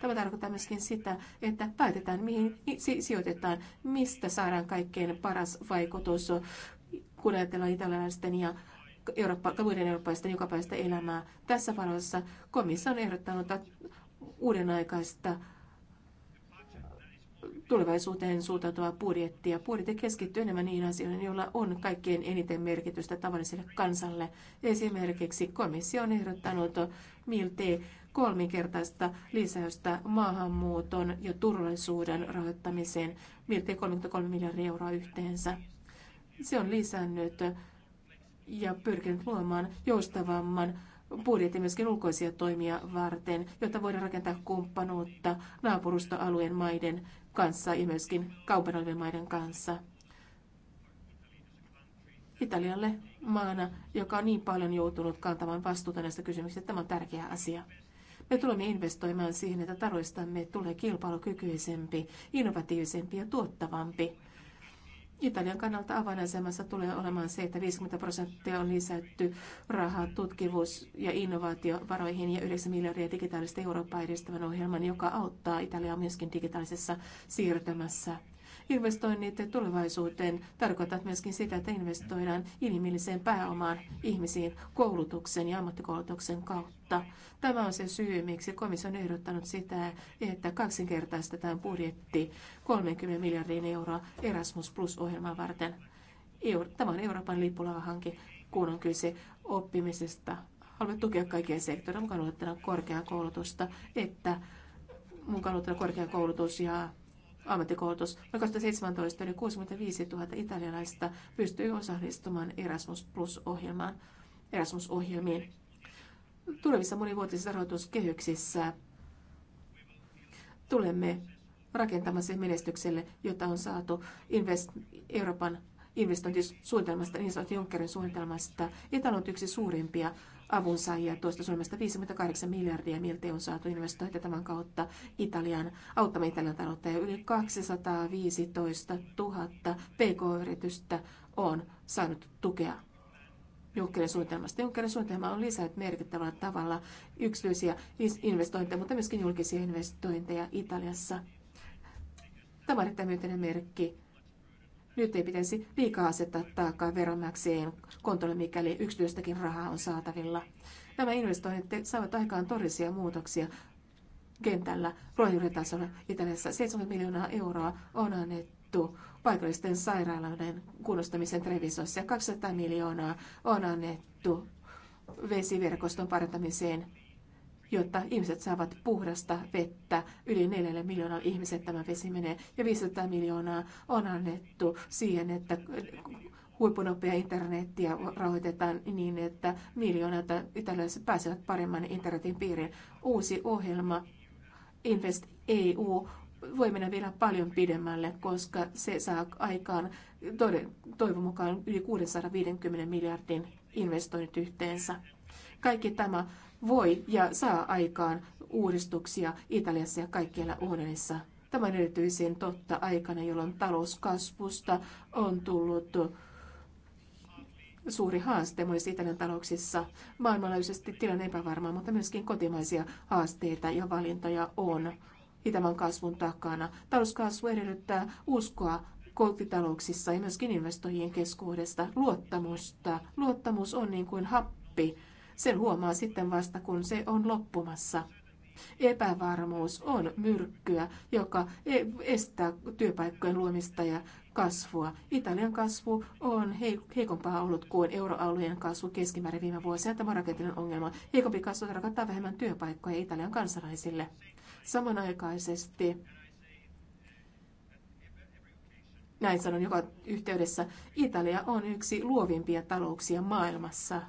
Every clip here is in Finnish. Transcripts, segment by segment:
Tämä tarkoittaa myöskin sitä, että päätetään, mihin sijoitetaan, mistä saadaan kaikkein paras vaikutus, kun ajatellaan italialaisten ja Eurooppa, muiden eurooppalaisten jokapäiväistä elämää. Tässä valossa komissio on ehdottanut uuden aikaista tulevaisuuteen suuntautuvaa budjettia. Budjetti keskittyy enemmän niihin asioihin, joilla on kaikkein eniten merkitystä tavalliselle kansalle. Esimerkiksi komissio on ehdottanut miltei kolminkertaista lisäystä maahanmuuton ja turvallisuuden rahoittamiseen, miltei 33 miljardia euroa yhteensä. Se on lisännyt ja pyrkinyt luomaan joustavamman budjetin myöskin ulkoisia toimia varten, jotta voidaan rakentaa kumppanuutta naapurustoalueen maiden kanssa ja myöskin kaupan maiden kanssa. Italialle maana, joka on niin paljon joutunut kantamaan vastuuta näistä kysymyksistä, tämä on tärkeä asia. Me tulemme investoimaan siihen, että taroistamme tulee kilpailukykyisempi, innovatiivisempi ja tuottavampi. Italian kannalta avainasemassa tulee olemaan se, että 50 prosenttia on lisätty rahaa tutkimus- ja innovaatiovaroihin ja 9 miljardia digitaalista Eurooppaa edistävän ohjelman, joka auttaa Italiaa myöskin digitaalisessa siirtymässä Investoinnit tulevaisuuteen tarkoittavat myöskin sitä, että investoidaan inhimilliseen pääomaan ihmisiin koulutuksen ja ammattikoulutuksen kautta. Tämä on se syy, miksi komissio on ehdottanut sitä, että kaksinkertaistetaan budjetti 30 miljardin euroa Erasmus Plus-ohjelmaa varten. Tämä on Euroopan lippulavahanke, kun on kyse oppimisesta. Haluamme tukea kaikkia sektoreita, mukaan luettuna korkeakoulutusta, että mukaan luettuna korkeakoulutus ja ammattikoulutus. Vuonna 2017 yli 65 000 italialaista pystyy osallistumaan Erasmus Plus-ohjelmaan, Erasmus-ohjelmiin. Tulevissa monivuotisissa rahoituskehyksissä tulemme rakentamaan sen menestykselle, jota on saatu invest, Euroopan investointisuunnitelmasta, niin sanottu Junckerin suunnitelmasta. Italia on yksi suurimpia avunsaajia tuosta Suomesta. 58 miljardia miltei on saatu investointia tämän kautta Italian, auttamaan Italian taloutta ja yli 215 000 pk-yritystä on saanut tukea Junckerin suunnitelmasta. Junckerin suunnitelma on lisännyt merkittävällä tavalla yksityisiä investointeja, mutta myöskin julkisia investointeja Italiassa. Tämä on erittäin myönteinen merkki nyt ei pitäisi liikaa asettaa taakkaa veronmaksajien kontolle, mikäli yksityistäkin rahaa on saatavilla. Nämä investoinnit saavat aikaan todellisia muutoksia kentällä ruohonjuuritasolla Italiassa. 70 miljoonaa euroa on annettu paikallisten sairaaloiden kunnostamisen Trevisossa ja 200 miljoonaa on annettu vesiverkoston parantamiseen jotta ihmiset saavat puhdasta vettä. Yli 4 miljoonaa ihmiset tämä vesi menee ja 500 miljoonaa on annettu siihen, että huippunopea internettiä rahoitetaan niin, että miljoonat italialaiset pääsevät paremman internetin piiriin. Uusi ohjelma Invest EU voi mennä vielä paljon pidemmälle, koska se saa aikaan toivon mukaan yli 650 miljardin investoinnit yhteensä. Kaikki tämä voi ja saa aikaan uudistuksia Italiassa ja kaikkialla unionissa. Tämä on erityisen totta aikana, jolloin talouskasvusta on tullut suuri haaste monissa Italian talouksissa. Maailmanlaajuisesti tilanne epävarma, mutta myöskin kotimaisia haasteita ja valintoja on Itämaan kasvun takana. Talouskasvu edellyttää uskoa kotitalouksissa ja myöskin investoijien keskuudesta luottamusta. Luottamus on niin kuin happi sen huomaa sitten vasta, kun se on loppumassa. Epävarmuus on myrkkyä, joka e- estää työpaikkojen luomista ja kasvua. Italian kasvu on heikompaa ollut kuin euroalueen kasvu keskimäärin viime vuosina. Tämä rakenteellinen ongelma. Heikompi kasvu tarkoittaa vähemmän työpaikkoja Italian kansalaisille. Samanaikaisesti näin sanon joka yhteydessä, Italia on yksi luovimpia talouksia maailmassa.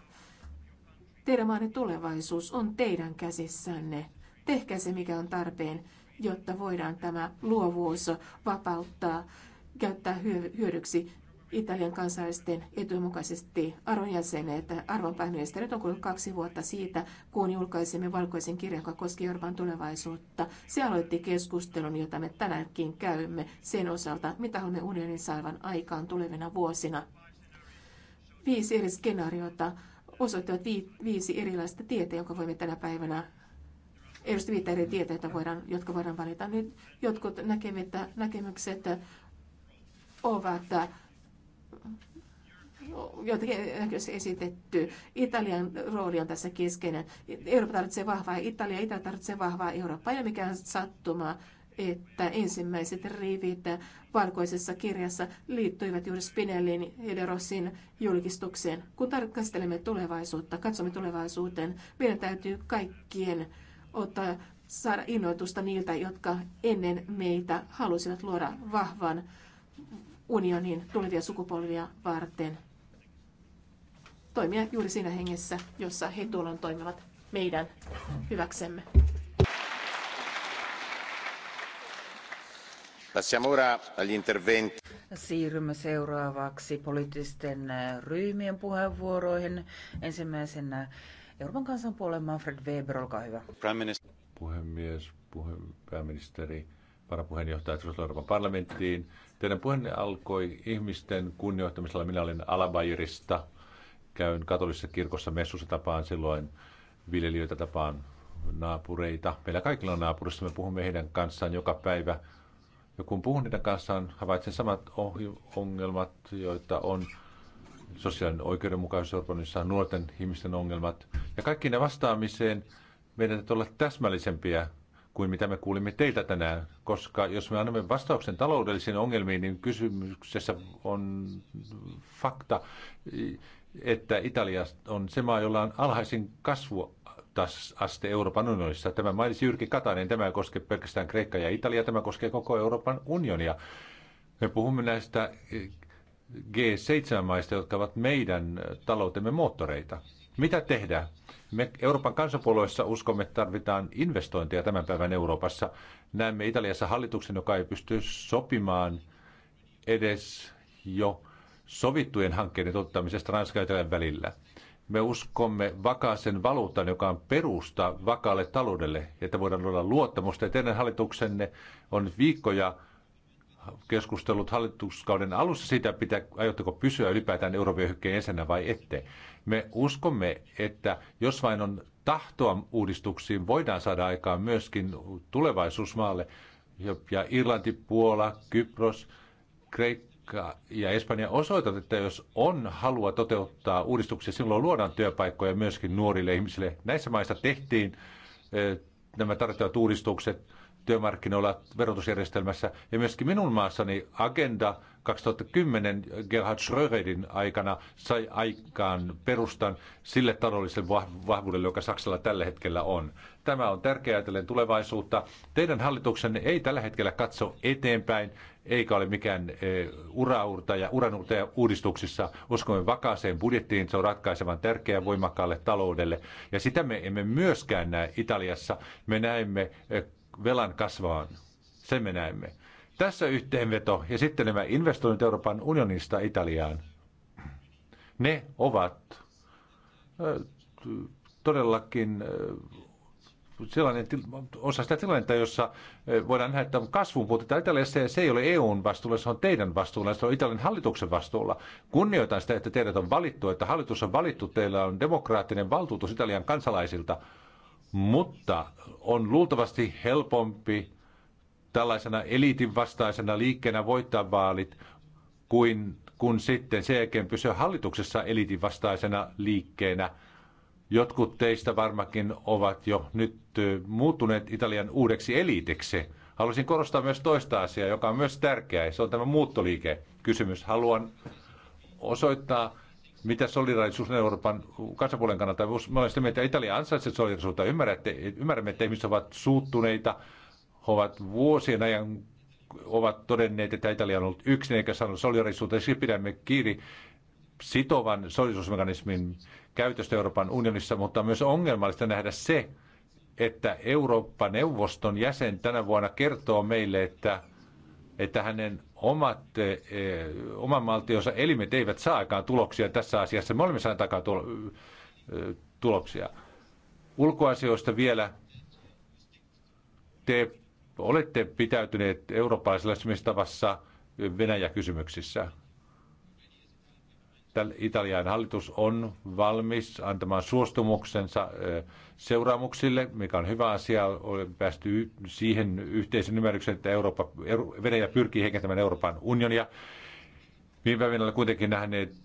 Teidän maanne tulevaisuus on teidän käsissänne. Tehkää se, mikä on tarpeen, jotta voidaan tämä luovuus vapauttaa, käyttää hyödyksi Italian kansalaisten etujen mukaisesti arvon jäsenet. Arvon pääministeri, on kulunut kaksi vuotta siitä, kun julkaisimme valkoisen kirjan, joka koski Euroopan tulevaisuutta. Se aloitti keskustelun, jota me tänäänkin käymme sen osalta, mitä haluamme unionin saavan aikaan tulevina vuosina. Viisi eri skenaariota osoittavat viisi erilaista tietä, jonka voimme tänä päivänä edusta viittä eri tietä, voidaan, jotka voidaan valita. Nyt jotkut näkemykset ovat jotenkin esitetty. Italian rooli on tässä keskeinen. Eurooppa tarvitsee vahvaa Italia, Italia tarvitsee vahvaa Eurooppaa. Ei ole mikään sattuma, että ensimmäiset rivit valkoisessa kirjassa liittyivät juuri Spinellin Hederosin julkistukseen. Kun tarkastelemme tulevaisuutta, katsomme tulevaisuuteen, meidän täytyy kaikkien ottaa saada innoitusta niiltä, jotka ennen meitä halusivat luoda vahvan unionin tulevia sukupolvia varten. Toimia juuri siinä hengessä, jossa he tuolloin toimivat meidän hyväksemme. Siirrymme seuraavaksi poliittisten ryhmien puheenvuoroihin. Ensimmäisenä Euroopan kansanpuolen Manfred Weber, olkaa hyvä. Puhemies, puhe, pääministeri, varapuheenjohtaja Euroopan parlamenttiin. Teidän puheenne alkoi ihmisten kunnioittamisella. Minä olin Alabairista, käyn katolisessa kirkossa messussa tapaan silloin viljelijöitä tapaan naapureita. Meillä kaikilla on naapurissa, me puhumme heidän kanssaan joka päivä ja kun puhun niiden kanssa, havaitsen samat ongelmat, joita on sosiaalinen oikeudenmukaisuus nuorten ihmisten ongelmat. Ja kaikki ne vastaamiseen meidän täytyy olla täsmällisempiä kuin mitä me kuulimme teiltä tänään, koska jos me annamme vastauksen taloudellisiin ongelmiin, niin kysymyksessä on fakta, että Italia on se maa, jolla on alhaisin kasvu aste Euroopan unionissa. Tämä mainitsi Jyrki Katainen, tämä ei koske pelkästään Kreikkaa ja Italiaa, tämä koskee koko Euroopan unionia. Me puhumme näistä eh, G7-maista, jotka ovat meidän taloutemme moottoreita. Mitä tehdä? Me Euroopan kansapuolueessa uskomme, että tarvitaan investointeja tämän päivän Euroopassa. Näemme Italiassa hallituksen, joka ei pysty sopimaan edes jo sovittujen hankkeiden tuottamisesta Ranskan ja Italian välillä. Me uskomme vakaaseen valuutan, joka on perusta vakaalle taloudelle, että voidaan olla luottamusta. Ja teidän hallituksenne on viikkoja keskustellut hallituskauden alussa siitä, pitää, aiotteko pysyä ylipäätään Euroopan hyökkeen jäsenä vai ette. Me uskomme, että jos vain on tahtoa uudistuksiin, voidaan saada aikaan myöskin tulevaisuusmaalle. Ja Irlanti, Puola, Kypros, Kreikka, Ranska ja Espanja osoitat, että jos on halua toteuttaa uudistuksia, silloin luodaan työpaikkoja myöskin nuorille ihmisille. Näissä maissa tehtiin eh, nämä tarvittavat uudistukset työmarkkinoilla, verotusjärjestelmässä ja myöskin minun maassani Agenda 2010 Gerhard Schröderin aikana sai aikaan perustan sille taloudelliselle vahvuudelle, joka Saksalla tällä hetkellä on. Tämä on tärkeää ajatellen tulevaisuutta. Teidän hallituksenne ei tällä hetkellä katso eteenpäin eikä ole mikään e, uraurtaja, uranurtaja uudistuksissa. Uskomme vakaaseen budjettiin, se on ratkaisevan tärkeää voimakkaalle taloudelle. Ja sitä me emme myöskään näe Italiassa. Me näemme e, velan kasvaan. Sen me näemme. Tässä yhteenveto ja sitten nämä investoinnit Euroopan unionista Italiaan. Ne ovat e, todellakin sellainen osa sitä tilannetta, jossa eh, voidaan nähdä, että kasvun puutetta Italiassa ja se ei ole EUn vastuulla, se on teidän vastuulla, se on Italian hallituksen vastuulla. Kunnioitan sitä, että teidät on valittu, että hallitus on valittu, teillä on demokraattinen valtuutus Italian kansalaisilta, mutta on luultavasti helpompi tällaisena eliitin vastaisena liikkeenä voittaa vaalit kuin kun sitten sen jälkeen pysyä hallituksessa eliitin vastaisena liikkeenä – Jotkut teistä varmakin ovat jo nyt muuttuneet Italian uudeksi eliitiksi. Haluaisin korostaa myös toista asiaa, joka on myös tärkeää. Se on tämä muuttoliike-kysymys. Haluan osoittaa, mitä solidaarisuus Euroopan kansapuolen kannalta. Mä olen sitä mieltä, että Italia ansaitsee solidaarisuutta. Ymmärrätte, ymmärrämme, että ihmiset ovat suuttuneita, he ovat vuosien ajan ovat todenneet, että Italia on ollut yksin eikä saanut solidaarisuutta. Siksi pidämme kiinni sitovan solidarisuusmekanismin käytöstä Euroopan unionissa, mutta on myös ongelmallista nähdä se, että Eurooppa-neuvoston jäsen tänä vuonna kertoo meille, että, että hänen omat, eh, oman valtionsa elimet eivät saa aikaan tuloksia tässä asiassa. Me olemme saaneet aikaan tulo, eh, tuloksia. Ulkoasioista vielä. Te olette pitäytyneet eurooppalaisella tavassa Venäjä-kysymyksissä. Italian hallitus on valmis antamaan suostumuksensa seuraamuksille, mikä on hyvä asia. Olen päästy siihen yhteisen ymmärrykseen, että Eurooppa, Venäjä pyrkii heikentämään Euroopan unionia. Viime päivinä olen kuitenkin nähneet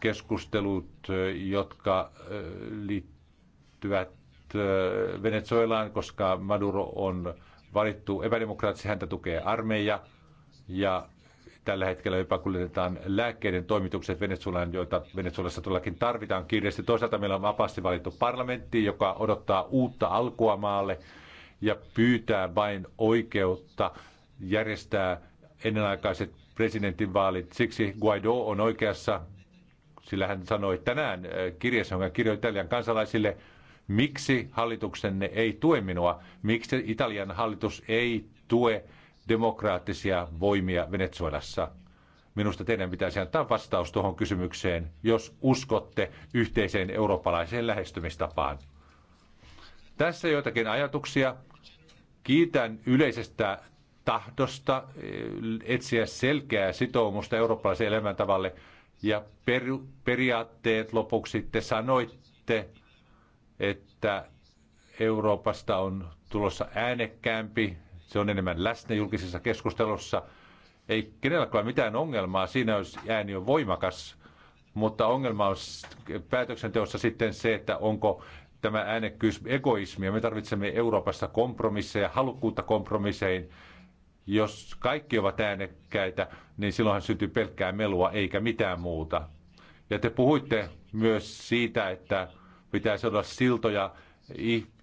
keskustelut, jotka liittyvät Venezuelaan, koska Maduro on valittu epädemokraattisesti, häntä tukee armeija ja Tällä hetkellä jopa kuljetetaan lääkkeiden toimitukset Venezuelaan, joita Venezuelassa todellakin tarvitaan kiireesti. Toisaalta meillä on vapaasti valittu parlamentti, joka odottaa uutta alkua maalle ja pyytää vain oikeutta järjestää ennenaikaiset presidentinvaalit. Siksi Guaido on oikeassa, sillä hän sanoi tänään äh, kirjassa, jonka kirjoi Italian kansalaisille, miksi hallituksenne ei tue minua, miksi Italian hallitus ei tue demokraattisia voimia Venezuelassa. Minusta teidän pitäisi antaa vastaus tuohon kysymykseen, jos uskotte yhteiseen eurooppalaiseen lähestymistapaan. Tässä joitakin ajatuksia. Kiitän yleisestä tahdosta eh, etsiä selkeää sitoumusta eurooppalaiseen elämäntavalle. Ja per, periaatteet lopuksi te sanoitte, että Euroopasta on tulossa äänekkäämpi se on enemmän läsnä julkisessa keskustelussa. Ei kenelläkään mitään ongelmaa siinä, jos ääni on voimakas, mutta ongelma on päätöksenteossa sitten se, että onko tämä äänekkyys egoismia. Me tarvitsemme Euroopassa kompromisseja, halukkuutta kompromisseihin. Jos kaikki ovat äänekkäitä, niin silloinhan syntyy pelkkää melua eikä mitään muuta. Ja te puhuitte myös siitä, että pitäisi olla siltoja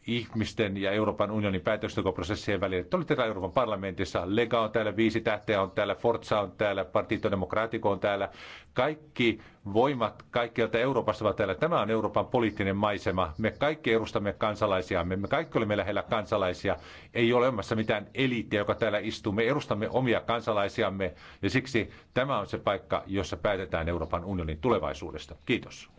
ihmisten ja Euroopan unionin päätöksentekoprosessien välillä. Te olette täällä Euroopan parlamentissa, Lega on täällä, Viisi tähteä on täällä, Forza on täällä, Partito Democratico on täällä. Kaikki voimat kaikkialta Euroopassa ovat täällä. Tämä on Euroopan poliittinen maisema. Me kaikki edustamme kansalaisia me kaikki olemme lähellä kansalaisia. Ei ole olemassa mitään eliittiä, joka täällä istuu. Me edustamme omia kansalaisiamme ja siksi tämä on se paikka, jossa päätetään Euroopan unionin tulevaisuudesta. Kiitos.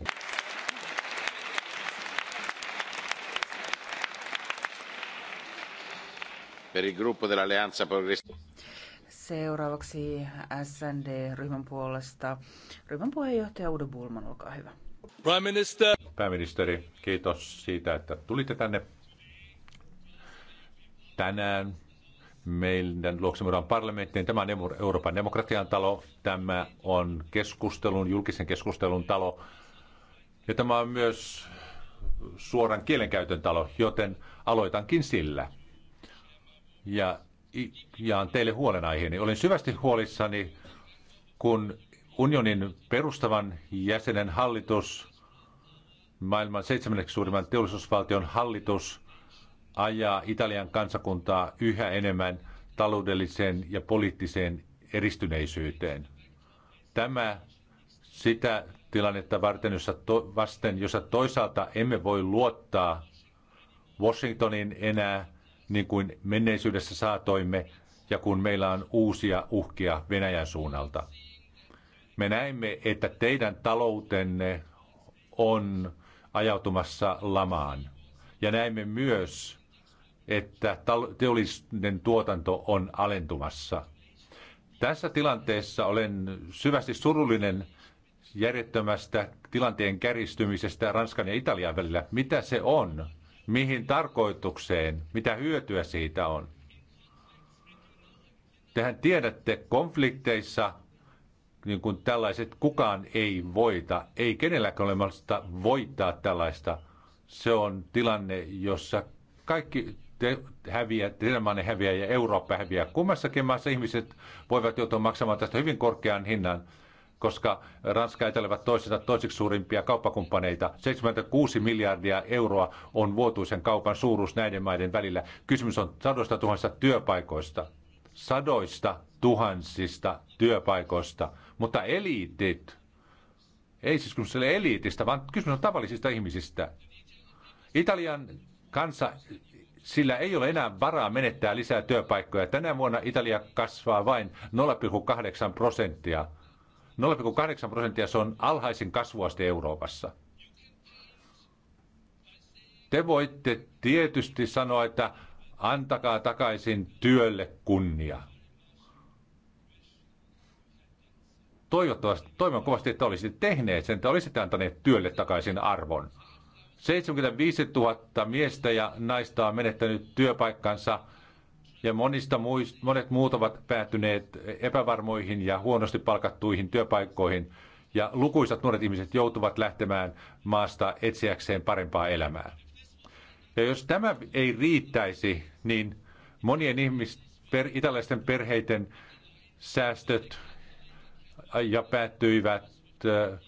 Per il gruppo dell'Alleanza Progressiva. Seuraavaksi SND-ryhmän puolesta ryhmän puheenjohtaja Udo Bulman, olkaa hyvä. Prime Minister. Pääministeri, kiitos siitä, että tulitte tänne tänään meidän luoksemuran parlamenttiin. Tämä on Euroopan demokratian talo, tämä on keskustelun, julkisen keskustelun talo ja tämä on myös suoran kielenkäytön talo, joten aloitankin sillä ja jaan teille huolenaiheeni. Olen syvästi huolissani, kun unionin perustavan jäsenen hallitus, maailman seitsemänneksi suurimman teollisuusvaltion hallitus, ajaa Italian kansakuntaa yhä enemmän taloudelliseen ja poliittiseen eristyneisyyteen. Tämä sitä tilannetta varten, jossa to, vasten, jossa toisaalta emme voi luottaa Washingtonin enää niin kuin menneisyydessä saatoimme ja kun meillä on uusia uhkia Venäjän suunnalta. Me näemme, että teidän taloutenne on ajautumassa lamaan. Ja näemme myös, että teollinen tuotanto on alentumassa. Tässä tilanteessa olen syvästi surullinen järjettömästä tilanteen käristymisestä Ranskan ja Italian välillä. Mitä se on? mihin tarkoitukseen, mitä hyötyä siitä on. Tehän tiedätte, konflikteissa niin kuin tällaiset kukaan ei voita, ei kenelläkään ole mahdollista voittaa tällaista. Se on tilanne, jossa kaikki te häviää, Tenemanne häviää ja Eurooppa häviää. Kummassakin maassa ihmiset voivat joutua maksamaan tästä hyvin korkean hinnan koska Ranska ja Italia ovat toisensa toisiksi suurimpia kauppakumppaneita. 76 miljardia euroa on vuotuisen kaupan suuruus näiden maiden välillä. Kysymys on sadoista tuhansista työpaikoista. Sadoista tuhansista työpaikoista. Mutta eliitit, ei siis kysymys ole eliitistä, vaan kysymys on tavallisista ihmisistä. Italian kansa, sillä ei ole enää varaa menettää lisää työpaikkoja. Tänä vuonna Italia kasvaa vain 0,8 prosenttia. 0,8 prosenttia se on alhaisin kasvuaste Euroopassa. Te voitte tietysti sanoa, että antakaa takaisin työlle kunnia. Toivottavasti, toivon kovasti, että olisitte tehneet sen, että olisitte antaneet työlle takaisin arvon. 75 000 miestä ja naista on menettänyt työpaikkansa – ja monista muist, monet muut ovat päätyneet epävarmoihin ja huonosti palkattuihin työpaikkoihin, ja lukuisat nuoret ihmiset joutuvat lähtemään maasta etsiäkseen parempaa elämää. Ja jos tämä ei riittäisi, niin monien ihmis, per, italaisten perheiden säästöt ja päättyivät äh,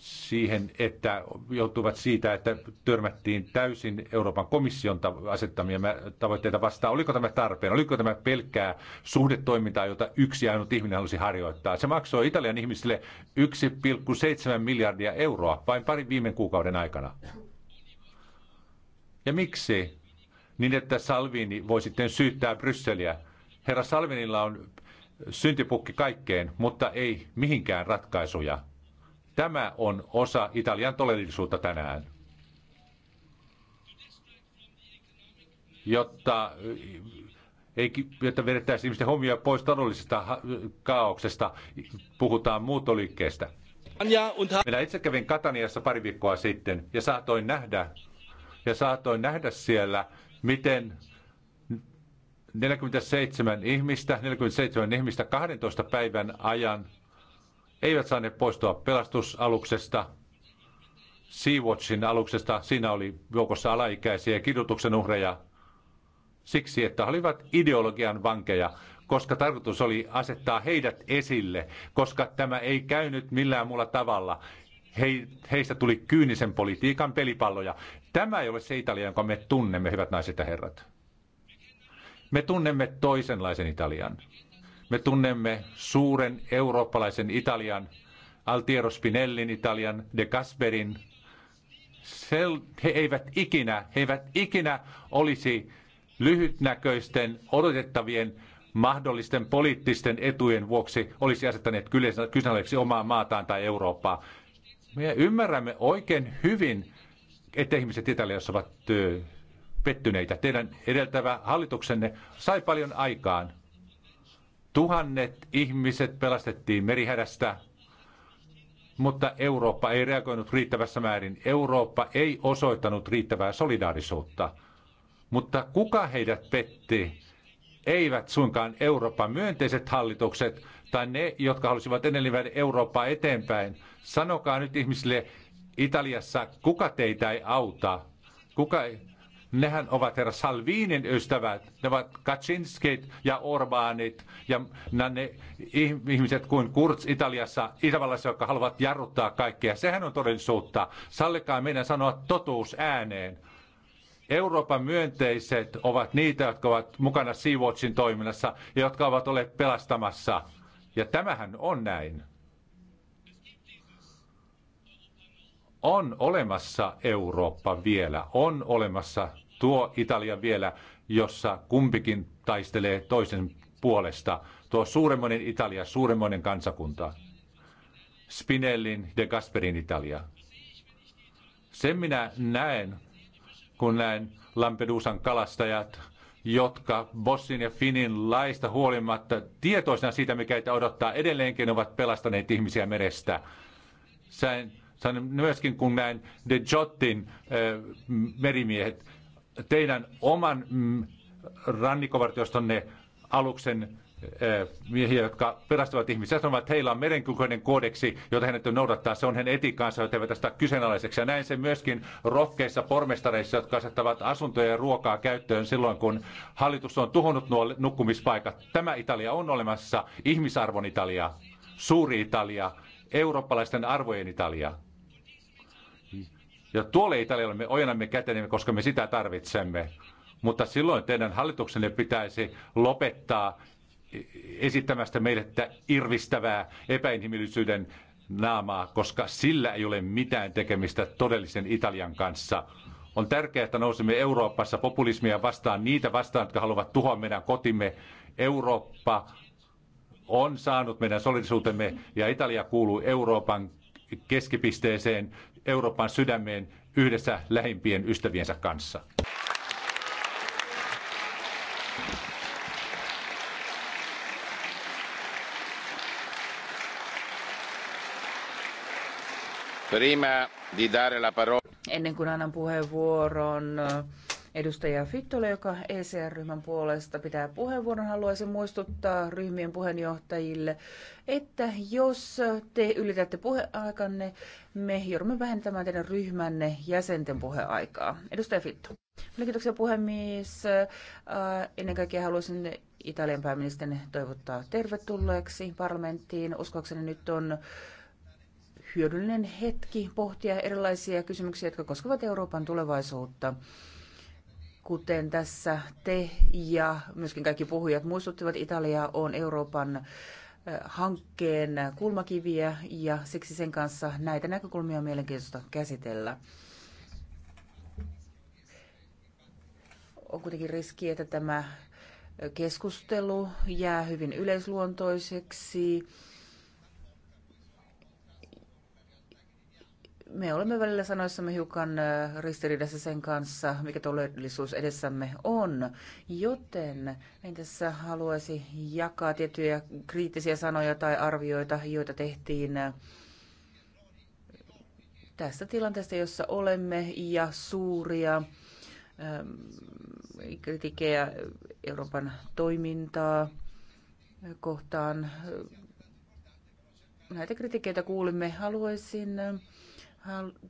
siihen, että joutuvat siitä, että törmättiin täysin Euroopan komission asettamia tavoitteita vastaan. Oliko tämä tarpeen? Oliko tämä pelkkää suhdetoimintaa, jota yksi ainut ihminen halusi harjoittaa? Se maksoi Italian ihmisille 1,7 miljardia euroa vain parin viime kuukauden aikana. Ja miksi? Niin, että Salvini voi sitten syyttää Brysseliä. Herra Salvinilla on syntipukki kaikkeen, mutta ei mihinkään ratkaisuja Tämä on osa Italian todellisuutta tänään. Jotta ei, jotta vedettäisiin ihmisten hommia pois taloudellisesta kaauksesta, puhutaan muuttoliikkeestä. Minä itse kävin Kataniassa pari viikkoa sitten ja saatoin nähdä, ja saatoin nähdä siellä, miten 47 ihmistä, 47 ihmistä 12 päivän ajan eivät saaneet poistua pelastusaluksesta, Sea-Watchin aluksesta. Siinä oli joukossa alaikäisiä ja kidutuksen uhreja siksi, että olivat ideologian vankeja, koska tarkoitus oli asettaa heidät esille, koska tämä ei käynyt millään muulla tavalla. He, heistä tuli kyynisen politiikan pelipalloja. Tämä ei ole se Italia, jonka me tunnemme, hyvät naiset ja herrat. Me tunnemme toisenlaisen Italian. Me tunnemme suuren eurooppalaisen Italian, Altiero Spinellin Italian, De Casperin. he eivät ikinä, he eivät ikinä olisi lyhytnäköisten, odotettavien mahdollisten poliittisten etujen vuoksi olisi asettaneet kyseenalaiseksi omaa maataan tai Eurooppaa. Me ymmärrämme oikein hyvin, että ihmiset Italiassa ovat pettyneitä. Teidän edeltävä hallituksenne sai paljon aikaan. Tuhannet ihmiset pelastettiin merihädästä, mutta Eurooppa ei reagoinut riittävässä määrin. Eurooppa ei osoittanut riittävää solidaarisuutta. Mutta kuka heidät petti? Eivät suinkaan Euroopan myönteiset hallitukset tai ne, jotka halusivat enemmän Eurooppaa eteenpäin. Sanokaa nyt ihmisille Italiassa, kuka teitä ei auta? Kuka ei? Nehän ovat herra Salviinin ystävät. Ne ovat Kaczynskit ja Orbanit ja ne ihmiset kuin Kurz Italiassa, Itävallassa, jotka haluavat jarruttaa kaikkea. Sehän on todellisuutta. Sallikaa meidän sanoa totuus ääneen. Euroopan myönteiset ovat niitä, jotka ovat mukana Sea-Watchin toiminnassa ja jotka ovat olleet pelastamassa. Ja tämähän on näin. On olemassa Eurooppa vielä, on olemassa tuo Italia vielä, jossa kumpikin taistelee toisen puolesta. Tuo suuremmoinen Italia, suuremmoinen kansakunta. Spinellin de Gasperin Italia. Sen minä näen, kun näen Lampedusan kalastajat, jotka Bossin ja Finin laista huolimatta tietoisena siitä, mikä heitä odottaa, edelleenkin ovat pelastaneet ihmisiä merestä. Sain, sain myöskin kun näen De Jottin äh, merimiehet, teidän oman mm, rannikkovartiostonne aluksen eh, miehiä, jotka pelastavat ihmisiä, sanovat, että heillä on merenkulkoinen koodeksi, jota hänet on noudattaa. Se on hänen etiikkaansa, jota he tästä kyseenalaiseksi. Ja näin se myöskin rohkeissa pormestareissa, jotka asettavat asuntoja ja ruokaa käyttöön silloin, kun hallitus on tuhonnut nuo nukkumispaikat. Tämä Italia on olemassa, ihmisarvon Italia, suuri Italia, eurooppalaisten arvojen Italia. Ja tuolle Italialle me ojennamme kätenemme, koska me sitä tarvitsemme. Mutta silloin teidän hallituksenne pitäisi lopettaa esittämästä meille tätä irvistävää epäinhimillisyyden naamaa, koska sillä ei ole mitään tekemistä todellisen Italian kanssa. On tärkeää, että nousemme Euroopassa populismia vastaan, niitä vastaan, jotka haluavat tuhoa meidän kotimme. Eurooppa on saanut meidän solidisuutemme ja Italia kuuluu Euroopan keskipisteeseen. Euroopan sydämeen yhdessä lähimpien ystäviensä kanssa. Ennen kuin annan puheenvuoron edustaja Fittola, joka ECR-ryhmän puolesta pitää puheenvuoron. Haluaisin muistuttaa ryhmien puheenjohtajille, että jos te ylitätte puheaikanne, me joudumme vähentämään teidän ryhmänne jäsenten puheaikaa. Edustaja Fitto. Kiitoksia puhemies. Äh, ennen kaikkea haluaisin Italian pääministerin toivottaa tervetulleeksi parlamenttiin. Uskoakseni nyt on hyödyllinen hetki pohtia erilaisia kysymyksiä, jotka koskevat Euroopan tulevaisuutta. Kuten tässä te ja myöskin kaikki puhujat muistuttivat, Italia on Euroopan hankkeen kulmakiviä ja siksi sen kanssa näitä näkökulmia on mielenkiintoista käsitellä. On kuitenkin riski, että tämä keskustelu jää hyvin yleisluontoiseksi me olemme välillä sanoissamme hiukan ristiriidassa sen kanssa, mikä todellisuus edessämme on. Joten en tässä haluaisi jakaa tiettyjä kriittisiä sanoja tai arvioita, joita tehtiin tästä tilanteesta, jossa olemme, ja suuria kritikejä Euroopan toimintaa kohtaan. Näitä kritikeitä kuulimme. Haluaisin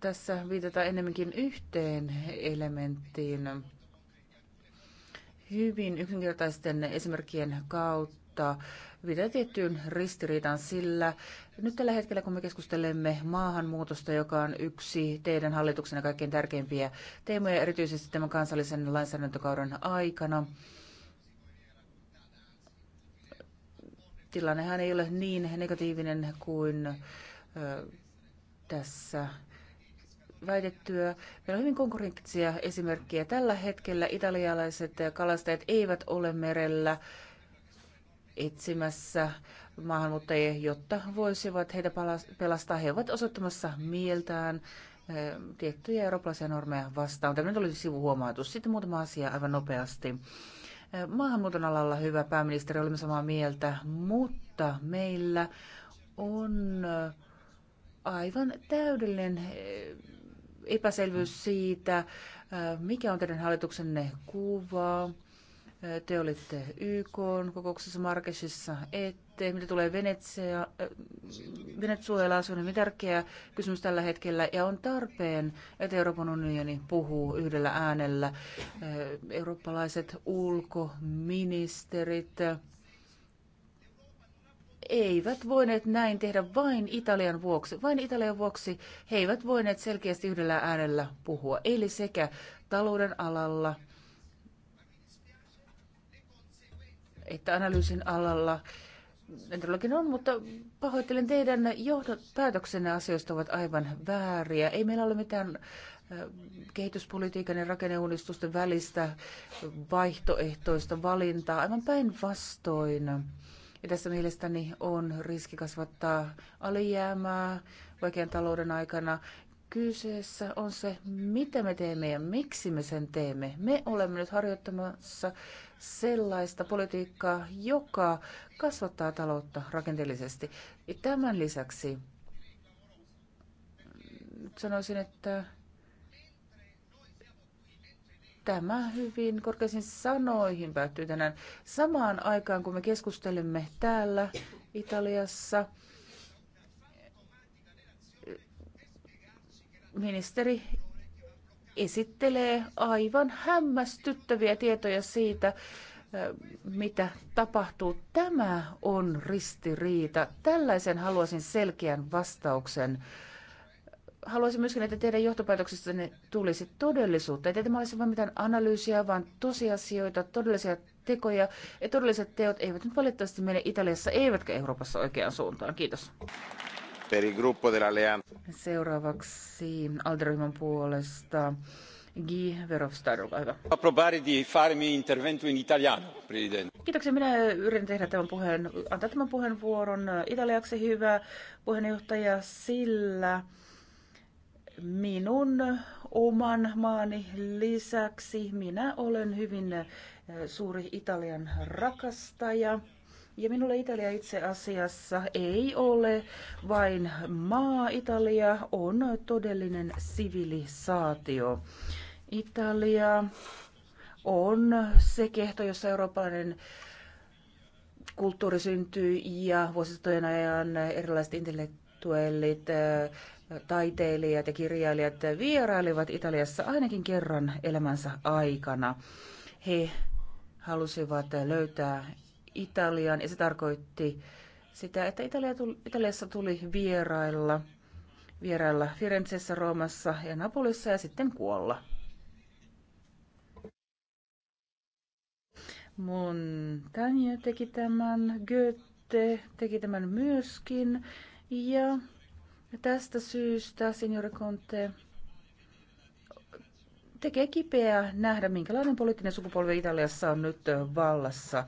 tässä viitataan enemmänkin yhteen elementtiin. Hyvin yksinkertaisten esimerkkien kautta viitata tiettyyn ristiriitaan sillä. Nyt tällä hetkellä, kun me keskustelemme maahanmuutosta, joka on yksi teidän hallituksenne kaikkein tärkeimpiä teemoja, erityisesti tämän kansallisen lainsäädäntökauden aikana, tilannehan ei ole niin negatiivinen kuin tässä väitettyä. Meillä on hyvin konkurrenttisia esimerkkejä. Tällä hetkellä italialaiset kalastajat eivät ole merellä etsimässä maahanmuuttajia, jotta voisivat heitä pelastaa. He ovat osoittamassa mieltään eh, tiettyjä eurooppalaisia normeja vastaan. Tämä nyt oli sivuhuomautus. Sitten muutama asia aivan nopeasti. Eh, maahanmuuton alalla, hyvä pääministeri, olimme samaa mieltä, mutta meillä on eh, aivan täydellinen eh, epäselvyys siitä, eh, mikä on teidän hallituksenne kuva. Eh, te olitte YK kokouksessa Markesissa, ette. Mitä tulee Venetsia, se on hyvin tärkeä kysymys tällä hetkellä. Ja on tarpeen, että Euroopan unioni puhuu yhdellä äänellä. Eurooppalaiset ulkoministerit, eivät voineet näin tehdä vain Italian vuoksi. Vain Italian vuoksi he eivät voineet selkeästi yhdellä äänellä puhua. Eli sekä talouden alalla että analyysin alalla. Entrologin on, mutta pahoittelen teidän johtopäätöksenne asioista ovat aivan vääriä. Ei meillä ole mitään kehityspolitiikan ja rakenneuudistusten välistä vaihtoehtoista valintaa, aivan päinvastoin. Ja tässä mielestäni on riski kasvattaa alijäämää vaikean talouden aikana. Kyseessä on se, mitä me teemme ja miksi me sen teemme. Me olemme nyt harjoittamassa sellaista politiikkaa, joka kasvattaa taloutta rakenteellisesti. Ja tämän lisäksi sanoisin, että tämä hyvin korkeisiin sanoihin päättyy tänään. Samaan aikaan, kun me keskustelemme täällä Italiassa, ministeri esittelee aivan hämmästyttäviä tietoja siitä, mitä tapahtuu. Tämä on ristiriita. Tällaisen haluaisin selkeän vastauksen haluaisin myöskin, että teidän johtopäätöksistänne tulisi todellisuutta. Että tämä olisi vain mitään analyysiä, vaan tosiasioita, todellisia tekoja. Ja todelliset teot eivät nyt valitettavasti mene Italiassa eivätkä Euroopassa oikeaan suuntaan. Kiitos. Per il gruppo Seuraavaksi Alderyhmän puolesta Guy Verhofstadt, olkaa hyvä. di farmi intervento in italiano, presidente. Kiitoksia. Minä yritän tehdä tämän puheen, antaa tämän puheenvuoron italiaksi hyvä puheenjohtaja, sillä minun oman maani lisäksi minä olen hyvin eh, suuri Italian rakastaja. Ja minulle Italia itse asiassa ei ole vain maa. Italia on todellinen sivilisaatio. Italia on se kehto, jossa eurooppalainen kulttuuri syntyi ja vuosisatojen ajan erilaiset intellektuellit eh, taiteilijat ja kirjailijat vierailivat Italiassa ainakin kerran elämänsä aikana. He halusivat löytää Italian ja se tarkoitti sitä, että Italia tuli, Italiassa tuli vierailla, vierailla Firenzessä, Roomassa ja Napolissa ja sitten kuolla. Tanja teki tämän, Goethe teki tämän myöskin ja Tästä syystä, signore Conte, tekee kipeää nähdä, minkälainen poliittinen sukupolvi Italiassa on nyt vallassa.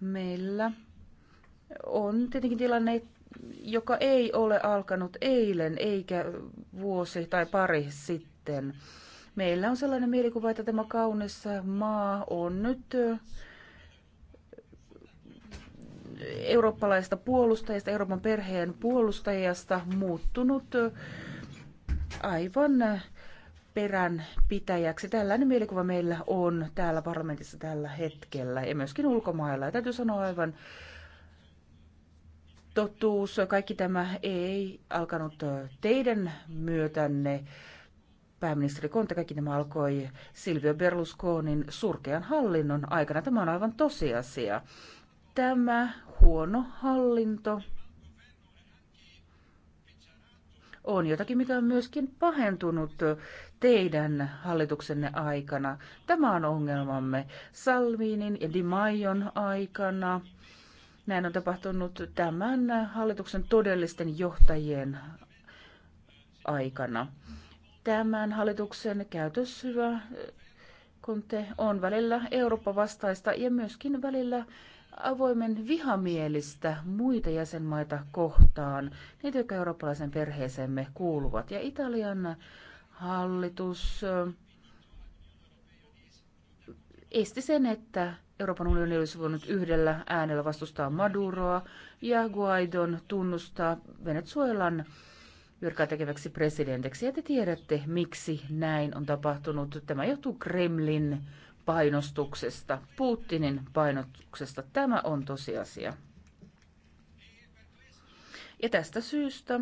Meillä on tietenkin tilanne, joka ei ole alkanut eilen eikä vuosi tai pari sitten. Meillä on sellainen mielikuva, että tämä kaunis maa on nyt eurooppalaista puolustajista, Euroopan perheen puolustajasta muuttunut aivan perän pitäjäksi. Tällainen mielikuva meillä on täällä parlamentissa tällä hetkellä ja myöskin ulkomailla. Ja täytyy sanoa aivan totuus. Kaikki tämä ei alkanut teidän myötänne. Pääministeri Konta, kaikki tämä alkoi Silvio Berlusconin surkean hallinnon aikana. Tämä on aivan tosiasia. Tämä huono hallinto on jotakin, mikä on myöskin pahentunut teidän hallituksenne aikana. Tämä on ongelmamme Salviinin ja Maion aikana. Näin on tapahtunut tämän hallituksen todellisten johtajien aikana. Tämän hallituksen kun te on välillä Eurooppa-vastaista ja myöskin välillä avoimen vihamielistä muita jäsenmaita kohtaan, niitä, jotka eurooppalaisen perheeseemme kuuluvat. Ja Italian hallitus eh, esti sen, että Euroopan unioni olisi voinut yhdellä äänellä vastustaa Maduroa ja Guaidon tunnustaa Venezuelan virkaa tekeväksi presidentiksi. Ja te tiedätte, miksi näin on tapahtunut. Tämä johtuu Kremlin painostuksesta, Putinin painostuksesta. Tämä on tosiasia. Ja tästä syystä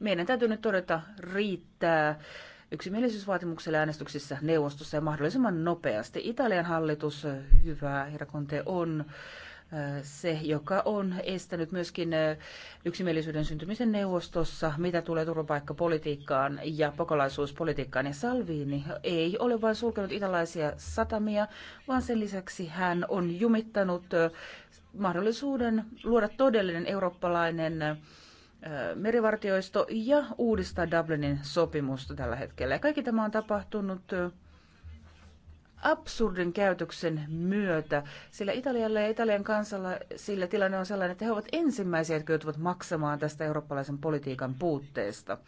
meidän täytyy nyt todeta riittää yksimielisyysvaatimukselle äänestyksissä neuvostossa ja mahdollisimman nopeasti. Italian hallitus, hyvä herra Conte, on se, joka on estänyt myöskin yksimielisyyden syntymisen neuvostossa, mitä tulee turvapaikkapolitiikkaan ja pakolaisuuspolitiikkaan. Ja Salviini ei ole vain sulkenut italaisia satamia, vaan sen lisäksi hän on jumittanut mahdollisuuden luoda todellinen eurooppalainen merivartioisto ja uudistaa Dublinin sopimusta tällä hetkellä. Ja kaikki tämä on tapahtunut absurdin käytöksen myötä, sillä Italialla ja Italian kansalla sillä tilanne on sellainen, että he ovat ensimmäisiä, jotka joutuvat maksamaan tästä eurooppalaisen politiikan puutteesta.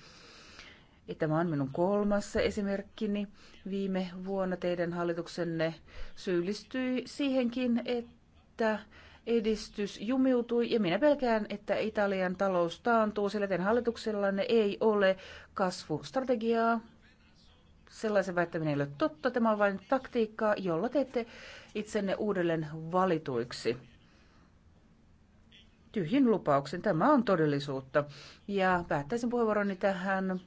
Ja tämä on minun kolmas esimerkkini. Viime vuonna teidän hallituksenne syyllistyi siihenkin, että edistys jumiutui ja minä pelkään, että Italian talous taantuu, sillä teidän hallituksellanne ei ole kasvustrategiaa, sellaisen väittäminen ei ole totta. Tämä on vain taktiikkaa, jolla teette itsenne uudelleen valituiksi. Tyhjin lupauksen. Tämä on todellisuutta. Ja päättäisin puheenvuoroni tähän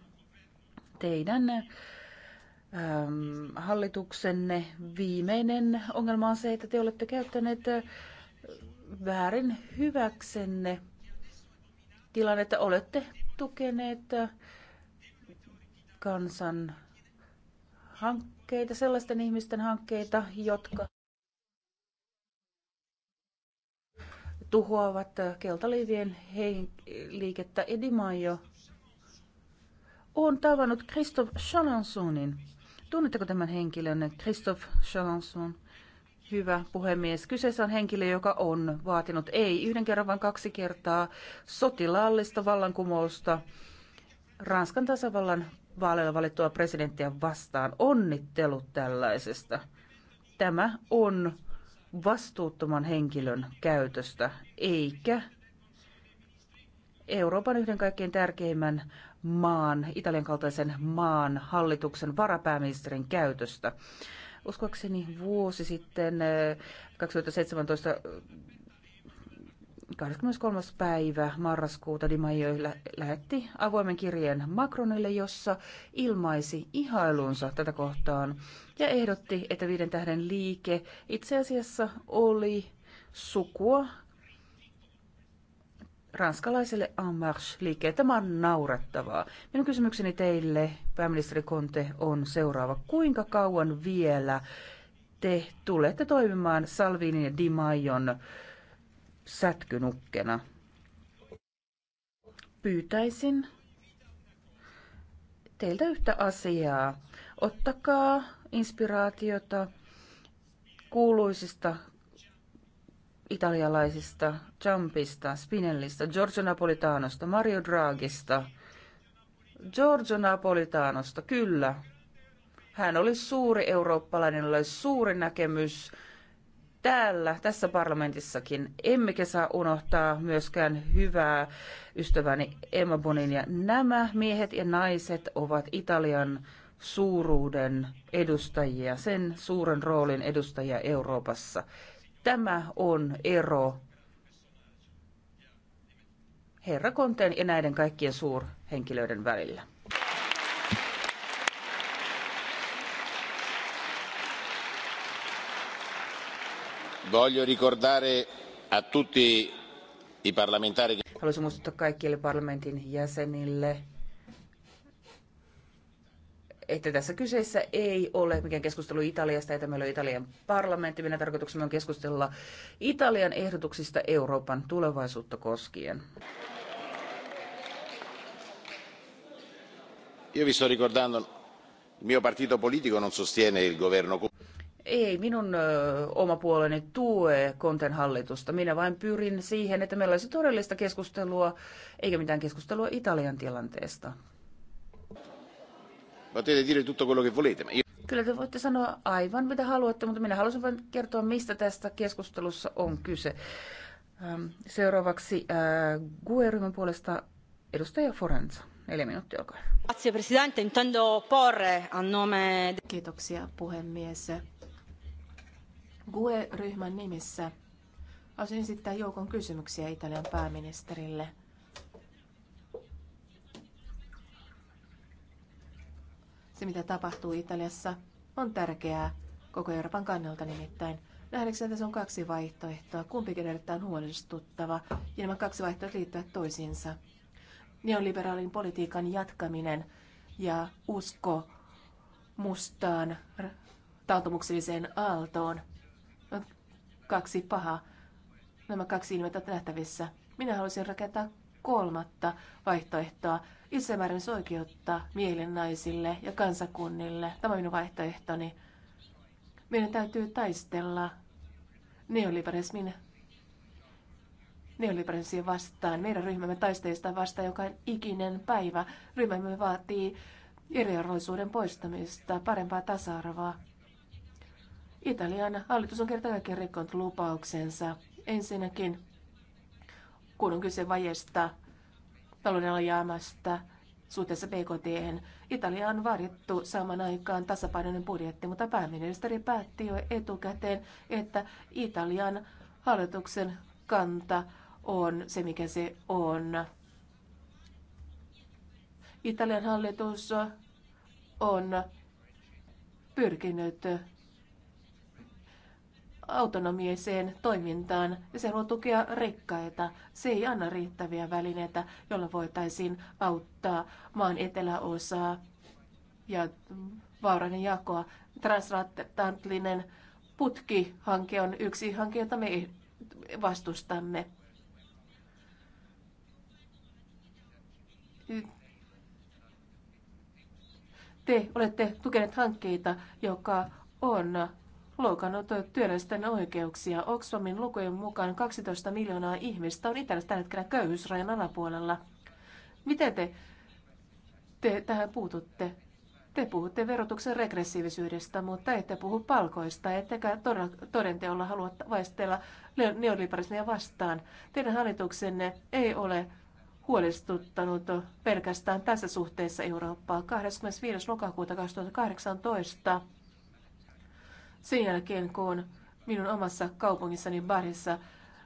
teidän ähm, hallituksenne viimeinen ongelma on se, että te olette käyttäneet äh, väärin hyväksenne tilannetta. Olette tukeneet äh, kansan hankkeita, sellaisten ihmisten hankkeita, jotka tuhoavat keltaliivien liikettä edimajo. Olen tavannut Christophe Chalansonin. Tunnetteko tämän henkilön, Christophe Chalanson? Hyvä puhemies. Kyseessä on henkilö, joka on vaatinut ei yhden kerran, vaan kaksi kertaa sotilaallista vallankumousta Ranskan tasavallan vaaleilla valittua presidenttiä vastaan. Onnittelut tällaisesta. Tämä on vastuuttoman henkilön käytöstä, eikä Euroopan yhden kaikkein tärkeimmän maan, Italian kaltaisen maan hallituksen varapääministerin käytöstä. Uskoakseni vuosi sitten 2017 eh, 23. päivä marraskuuta Di Maio lähetti avoimen kirjeen Macronille, jossa ilmaisi ihailunsa tätä kohtaan ja ehdotti, että viiden tähden liike itse asiassa oli sukua ranskalaiselle En marche Tämä on naurettavaa. Minun kysymykseni teille, pääministeri Conte, on seuraava. Kuinka kauan vielä te tulette toimimaan Salvinin ja Di Maion sätkynukkena. Pyytäisin teiltä yhtä asiaa. Ottakaa inspiraatiota kuuluisista italialaisista, Jumpista, Spinellista, Giorgio Napolitanosta, Mario Draghista. Giorgio Napolitanosta, kyllä. Hän oli suuri eurooppalainen, oli suuri näkemys täällä, tässä parlamentissakin, emmekä saa unohtaa myöskään hyvää ystäväni Emma Bonin ja Nämä miehet ja naiset ovat Italian suuruuden edustajia, sen suuren roolin edustajia Euroopassa. Tämä on ero Herra Konten ja näiden kaikkien suurhenkilöiden välillä. Voglio ricordare a tutti i parlamentari... Haluaisin muistuttaa kaikille parlamentin jäsenille, että tässä kyseessä ei ole mikään keskustelu Italiasta, että meillä on Italian parlamentti. Meidän tarkoituksemme on keskustella Italian ehdotuksista Euroopan tulevaisuutta koskien. Io vi sto ricordando, il mio partito politico non sostiene il governo ei minun ö, oma puoleni tue konten hallitusta. Minä vain pyrin siihen, että meillä olisi todellista keskustelua, eikä mitään keskustelua Italian tilanteesta. Kyllä te voitte sanoa aivan mitä haluatte, mutta minä haluaisin vain kertoa, mistä tästä keskustelussa on kyse. Ähm, seuraavaksi äh, GUE-ryhmän puolesta edustaja Forenza. Neljä minuuttia, olkaa hyvä. Kiitoksia puhemies. GUE-ryhmän nimissä haluaisin esittää joukon kysymyksiä Italian pääministerille. Se, mitä tapahtuu Italiassa, on tärkeää koko Euroopan kannalta nimittäin. Nähdäkseni tässä on kaksi vaihtoehtoa, kumpikin erittäin huolestuttava, ja nämä kaksi vaihtoehtoa liittyvät toisiinsa. Neoliberaalin politiikan jatkaminen ja usko mustaan taantumukselliseen aaltoon kaksi pahaa. Nämä kaksi ilmiötä nähtävissä. Minä haluaisin rakentaa kolmatta vaihtoehtoa, itsemääräämisoikeutta miehille, naisille ja kansakunnille. Tämä on minun vaihtoehtoni. Meidän täytyy taistella neoliberalismin neoliberalismia vastaan. Meidän ryhmämme taisteista vastaan joka ikinen päivä. Ryhmämme vaatii eriarvoisuuden poistamista, parempaa tasa-arvoa. Italian hallitus on kerta kaikkiaan rikkonut lupauksensa. Ensinnäkin, kun on kyse vajesta, talouden alijäämästä, suhteessa BKT. Italia on varjettu saman aikaan tasapainoinen budjetti, mutta pääministeri päätti jo etukäteen, että Italian hallituksen kanta on se, mikä se on. Italian hallitus on pyrkinyt autonomiseen toimintaan ja se haluaa tukea rikkaita. Se ei anna riittäviä välineitä, joilla voitaisiin auttaa maan eteläosaa ja vaurainen jakoa. Transatlanttinen putkihanke on yksi hanke, jota me vastustamme. Te olette tukeneet hankkeita, joka on loukannut työläisten oikeuksia. Oxfamin lukujen mukaan 12 miljoonaa ihmistä on Italiassa tällä hetkellä köyhyysrajan alapuolella. Miten te, te tähän puututte? Te puhutte verotuksen regressiivisyydestä, mutta ette puhu palkoista, ettekä todenteolla halua vaistella neoliberalismia vastaan. Teidän hallituksenne ei ole huolestuttanut pelkästään tässä suhteessa Eurooppaa. 25. lokakuuta 2018 sen jälkeen, kun minun omassa kaupungissani Barissa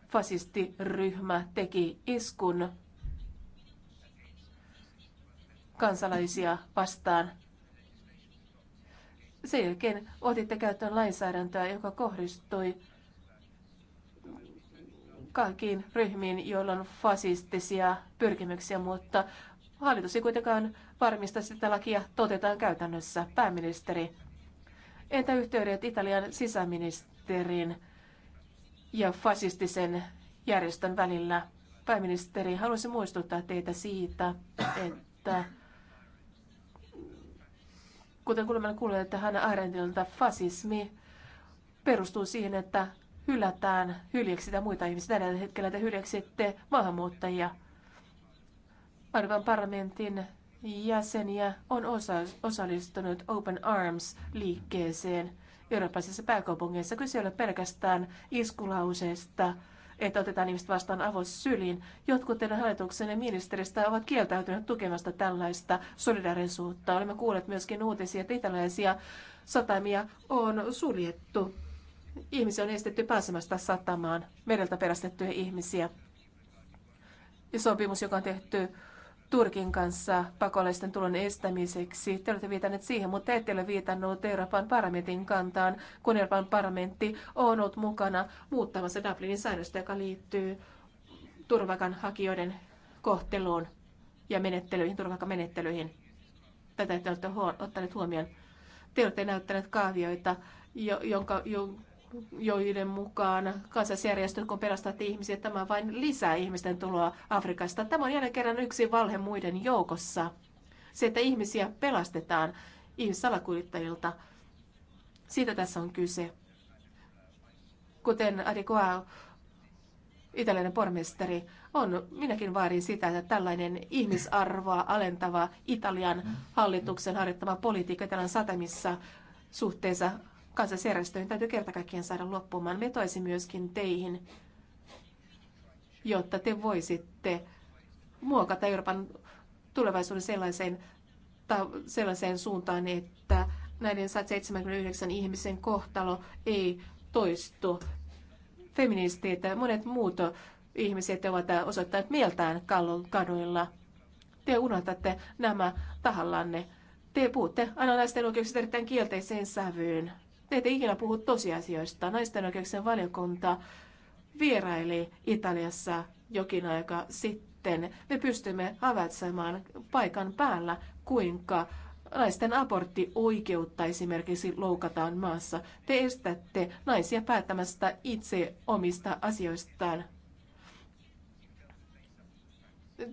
fasistiryhmä teki iskun kansalaisia vastaan. Sen jälkeen otitte käyttöön lainsäädäntöä, joka kohdistui kaikkiin ryhmiin, joilla on fasistisia pyrkimyksiä, mutta hallitus ei kuitenkaan varmista, että lakia toteutetaan käytännössä. Pääministeri, Entä yhteydet Italian sisäministerin ja fasistisen järjestön välillä? Pääministeri, haluaisin muistuttaa teitä siitä, että kuten kuulemma kuulee, että hän Arendilta fasismi perustuu siihen, että hylätään, hyljeksitään muita ihmisiä. Tällä hetkellä te hyljeksitte maahanmuuttajia. Arvan parlamentin jäseniä on osa, osallistunut Open Arms-liikkeeseen eurooppalaisissa pääkaupungeissa. Kyse ei ole pelkästään iskulauseesta, että otetaan ihmiset vastaan avosylin. Jotkut teidän ja ministeristä ovat kieltäytyneet tukemasta tällaista solidarisuutta. Olemme kuulleet myöskin uutisia, että italaisia satamia on suljettu. Ihmisiä on estetty pääsemästä satamaan, mereltä perästettyjä ihmisiä. Ja sopimus, joka on tehty Turkin kanssa pakolaisten tulon estämiseksi. Te olette viitanneet siihen, mutta ette ole viitannut Euroopan parlamentin kantaan, kun Euroopan parlamentti on ollut mukana muuttamassa Dublinin säännöstä, joka liittyy hakijoiden kohteluun ja menettelyihin, turvakamenettelyihin. Tätä te olette huo- ottaneet huomioon. Te olette näyttäneet kaavioita, jonka, jo- joiden mukaan kansalaisjärjestöt, kun pelastavat ihmisiä, tämä vain lisää ihmisten tuloa Afrikasta. Tämä on jälleen kerran yksi valhe muiden joukossa. Se, että ihmisiä pelastetaan ihmissalakuljettajilta, siitä tässä on kyse. Kuten Adikoa, italialainen pormestari, on, minäkin vaadin sitä, että tällainen ihmisarvoa alentava Italian hallituksen harjoittama politiikka Italian satamissa suhteessa Kansallisjärjestöihin täytyy kerta kaikkiaan saada loppumaan. Vetoisin myöskin teihin, jotta te voisitte muokata Euroopan tulevaisuuden sellaiseen, sellaiseen suuntaan, että näiden 179 ihmisen kohtalo ei toistu. Feministit ja monet muut ihmiset ovat osoittaneet mieltään kaduilla. Te unohtatte nämä tahallanne. Te puhutte aina näistä oikeuksista erittäin kielteiseen sävyyn. Te ette ikinä puhu tosiasioista. Naisten oikeuksien valiokunta vieraili Italiassa jokin aika sitten. Me pystymme havaitsemaan paikan päällä, kuinka naisten aborttioikeutta esimerkiksi loukataan maassa. Te estätte naisia päättämästä itse omista asioistaan.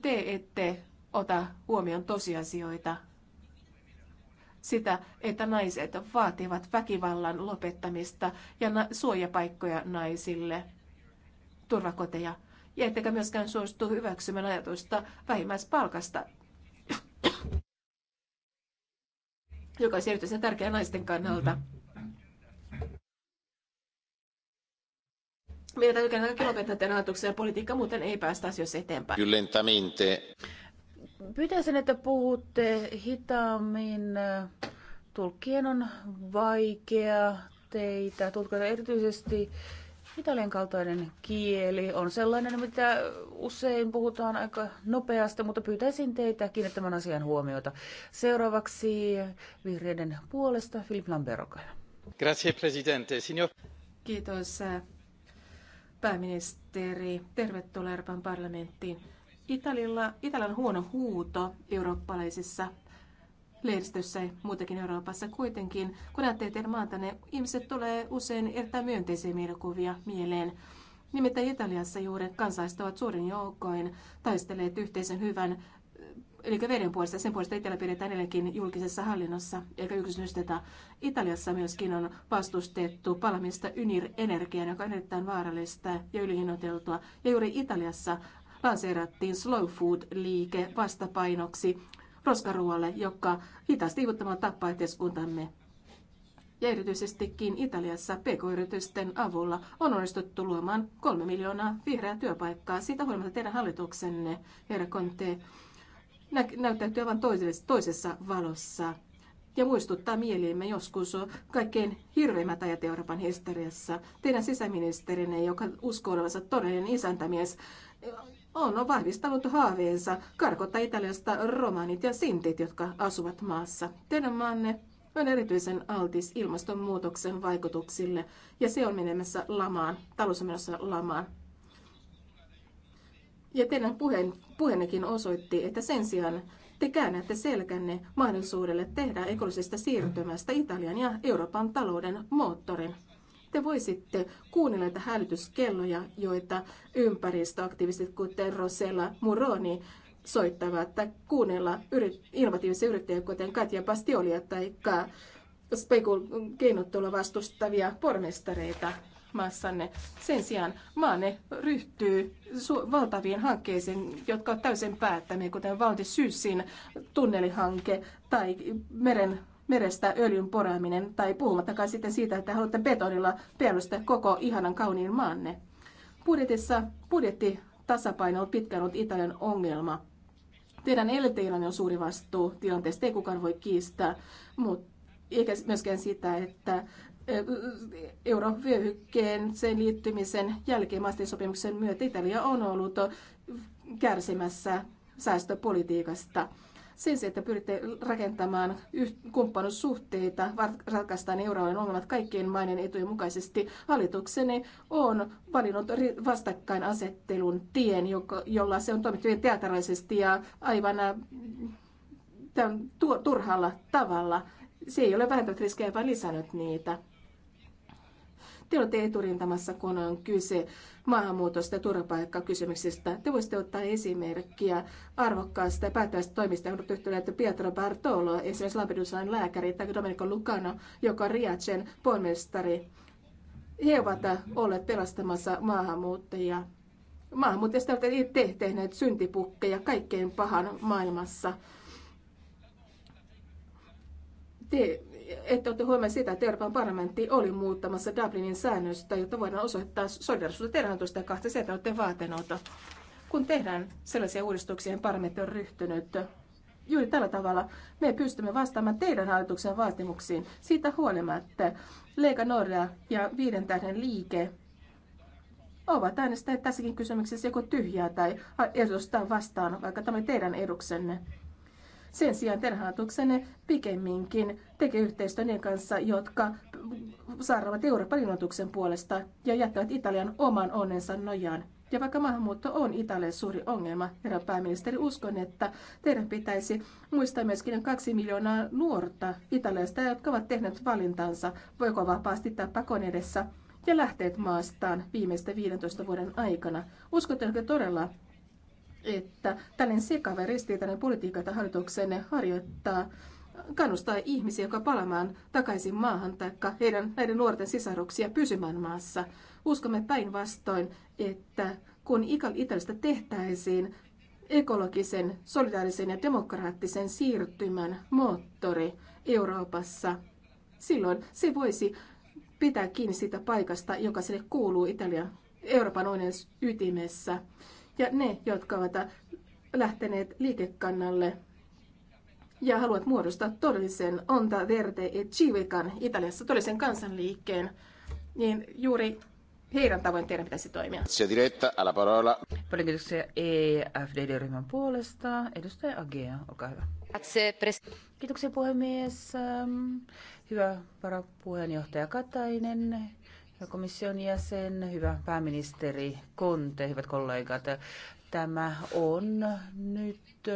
Te ette ota huomioon tosiasioita sitä, että naiset vaativat väkivallan lopettamista ja suojapaikkoja naisille, turvakoteja, ja ettekä myöskään suostu hyväksymään ajatusta vähimmäispalkasta, joka on erityisen tärkeä naisten kannalta. Meidän täytyy kaikki lopettaa tämän ja politiikka, muuten ei päästä asioissa eteenpäin. Pyytäisin, että puhutte hitaammin. Tulkkien on vaikea teitä tulkata erityisesti. Italian kaltainen kieli on sellainen, mitä usein puhutaan aika nopeasti, mutta pyytäisin teitä kiinnittämään asian huomiota. Seuraavaksi vihreiden puolesta Filip Lamberoka. Grazie, presidente. Signor... Kiitos, pääministeri. Tervetuloa Euroopan parlamenttiin. Italilla, Italian huono huuto eurooppalaisissa lehdistössä ja muutenkin Euroopassa kuitenkin, kun ajattelee teidän maatanne, ihmiset tulee usein erittäin myönteisiä mielikuvia mieleen. Nimittäin Italiassa juuri kansalaiset ovat suurin joukoin taistelleet yhteisen hyvän, eli veden puolesta, sen puolesta Italia pidetään edelleenkin julkisessa hallinnossa, eikä yksityistetä. Italiassa myöskin on vastustettu palamista ynir-energiaa, joka on erittäin vaarallista ja ylihinnoiteltua. Ja juuri Italiassa lanseerattiin slow food-liike vastapainoksi roskaruoalle, joka hitaasti hivuttamaan tappaa yhteiskuntamme. Ja erityisestikin Italiassa pk-yritysten avulla on onnistuttu luomaan kolme miljoonaa vihreää työpaikkaa. Siitä huolimatta teidän hallituksenne, herra Conte, nä- näyttäytyy aivan toisessa, toisessa valossa ja muistuttaa mieliimme joskus kaikkein hirveimmät ajat Euroopan historiassa. Teidän sisäministerinne, joka uskoo olevansa todellinen isäntämies, on vahvistanut haaveensa karkottaa Italiasta romanit ja sintit, jotka asuvat maassa. Teidän maanne on erityisen altis ilmastonmuutoksen vaikutuksille ja se on menemässä lamaan, talous on menossa lamaan. Ja teidän puheen, puheennekin osoitti, että sen sijaan te käännätte selkänne mahdollisuudelle tehdä ekologisesta siirtymästä Italian ja Euroopan talouden moottorin te voisitte kuunnella näitä hälytyskelloja, joita ympäristöaktivistit kuten Rosella Muroni soittavat, tai kuunnella yrit- innovatiivisia yrittäjiä kuten Katja Bastiolia tai spekul keinottelua vastustavia pormestareita maassanne. Sen sijaan maanne ryhtyy valtaviin hankkeisiin, jotka ovat täysin päättämiä, kuten Valtisyysin tunnelihanke tai meren merestä öljyn poraaminen, tai puhumattakaan sitten siitä, että haluatte betonilla perustaa koko ihanan kauniin maanne. Budjetissa budjetti tasapaino on pitkään ollut Italian ongelma. Teidän elteilänne on suuri vastuu tilanteesta, ei kukaan voi kiistää, mutta eikä myöskään sitä, että eurovyöhykkeen sen liittymisen jälkeen maastisopimuksen myötä Italia on ollut kärsimässä säästöpolitiikasta. Sen sijaan, että pyritte rakentamaan kumppanuussuhteita, ratkaistaan euroalueen ongelmat kaikkien maiden etujen mukaisesti, hallituksenne on valinnut vastakkainasettelun tien, jolla se on toimittu teatraalisesti ja aivan äh, tämän turhalla tavalla. Se ei ole vähentänyt riskejä, vaan lisännyt niitä. Te olette eturintamassa, kun on kyse maahanmuutosta ja turvapaikkakysymyksistä. Te voisitte ottaa esimerkkiä arvokkaasta ja päättävästä toimista, kun ryhtyneet Pietro Bartolo, esimerkiksi Lampedusan lääkäri, tai Domenico Lucano, joka on Riacen pormestari. He ovat olleet pelastamassa maahanmuuttajia maahanmuuttajista olette itse tehneet syntipukkeja kaikkein pahan maailmassa. Te että olette huomioon sitä, että Euroopan parlamentti oli muuttamassa Dublinin säännöstä, jotta voidaan osoittaa solidarisuutta ja kahta sieltä olette vaatenota. Kun tehdään sellaisia uudistuksia, joihin parlamentti on ryhtynyt, juuri tällä tavalla me pystymme vastaamaan teidän hallituksen vaatimuksiin siitä huolimatta. Leika Norja ja Viiden tähden liike ovat äänestäneet tässäkin kysymyksessä joko tyhjää tai edustaa vastaan, vaikka tämä teidän eduksenne. Sen sijaan terhaatuksenne pikemminkin tekee yhteistyön niiden kanssa, jotka saarnaavat Euroopan ilmoituksen puolesta ja jättävät Italian oman onnensa nojaan. Ja vaikka maahanmuutto on Italian suuri ongelma, herra pääministeri, uskon, että teidän pitäisi muistaa myöskin kaksi miljoonaa nuorta italiasta, jotka ovat tehneet valintansa, voiko vapaasti tai pakon edessä, ja lähteet maastaan viimeisten 15 vuoden aikana. Uskotteko todella, että tällainen sekava ristiriitainen politiikka, jota hallituksenne harjoittaa, kannustaa ihmisiä, jotka palaamaan takaisin maahan tai heidän näiden nuorten sisaruksia pysymään maassa. Uskomme päinvastoin, että kun Italiasta tehtäisiin ekologisen, solidaarisen ja demokraattisen siirtymän moottori Euroopassa, silloin se voisi pitää kiinni siitä paikasta, joka sille kuuluu Italian Euroopan unionin ytimessä ja ne, jotka ovat lähteneet liikekannalle ja haluat muodostaa todellisen Onta Verde e Civican Italiassa, todellisen kansanliikkeen, niin juuri heidän tavoin teidän pitäisi toimia. Se diretta alla parola. Paljon kiitoksia EFDD-ryhmän puolesta. Edustaja Agea, olkaa hyvä. Kiitoksia puhemies. Ähm, hyvä varapuheenjohtaja Katainen komission jäsen, hyvä pääministeri Konte, hyvät kollegat. Tämä on nyt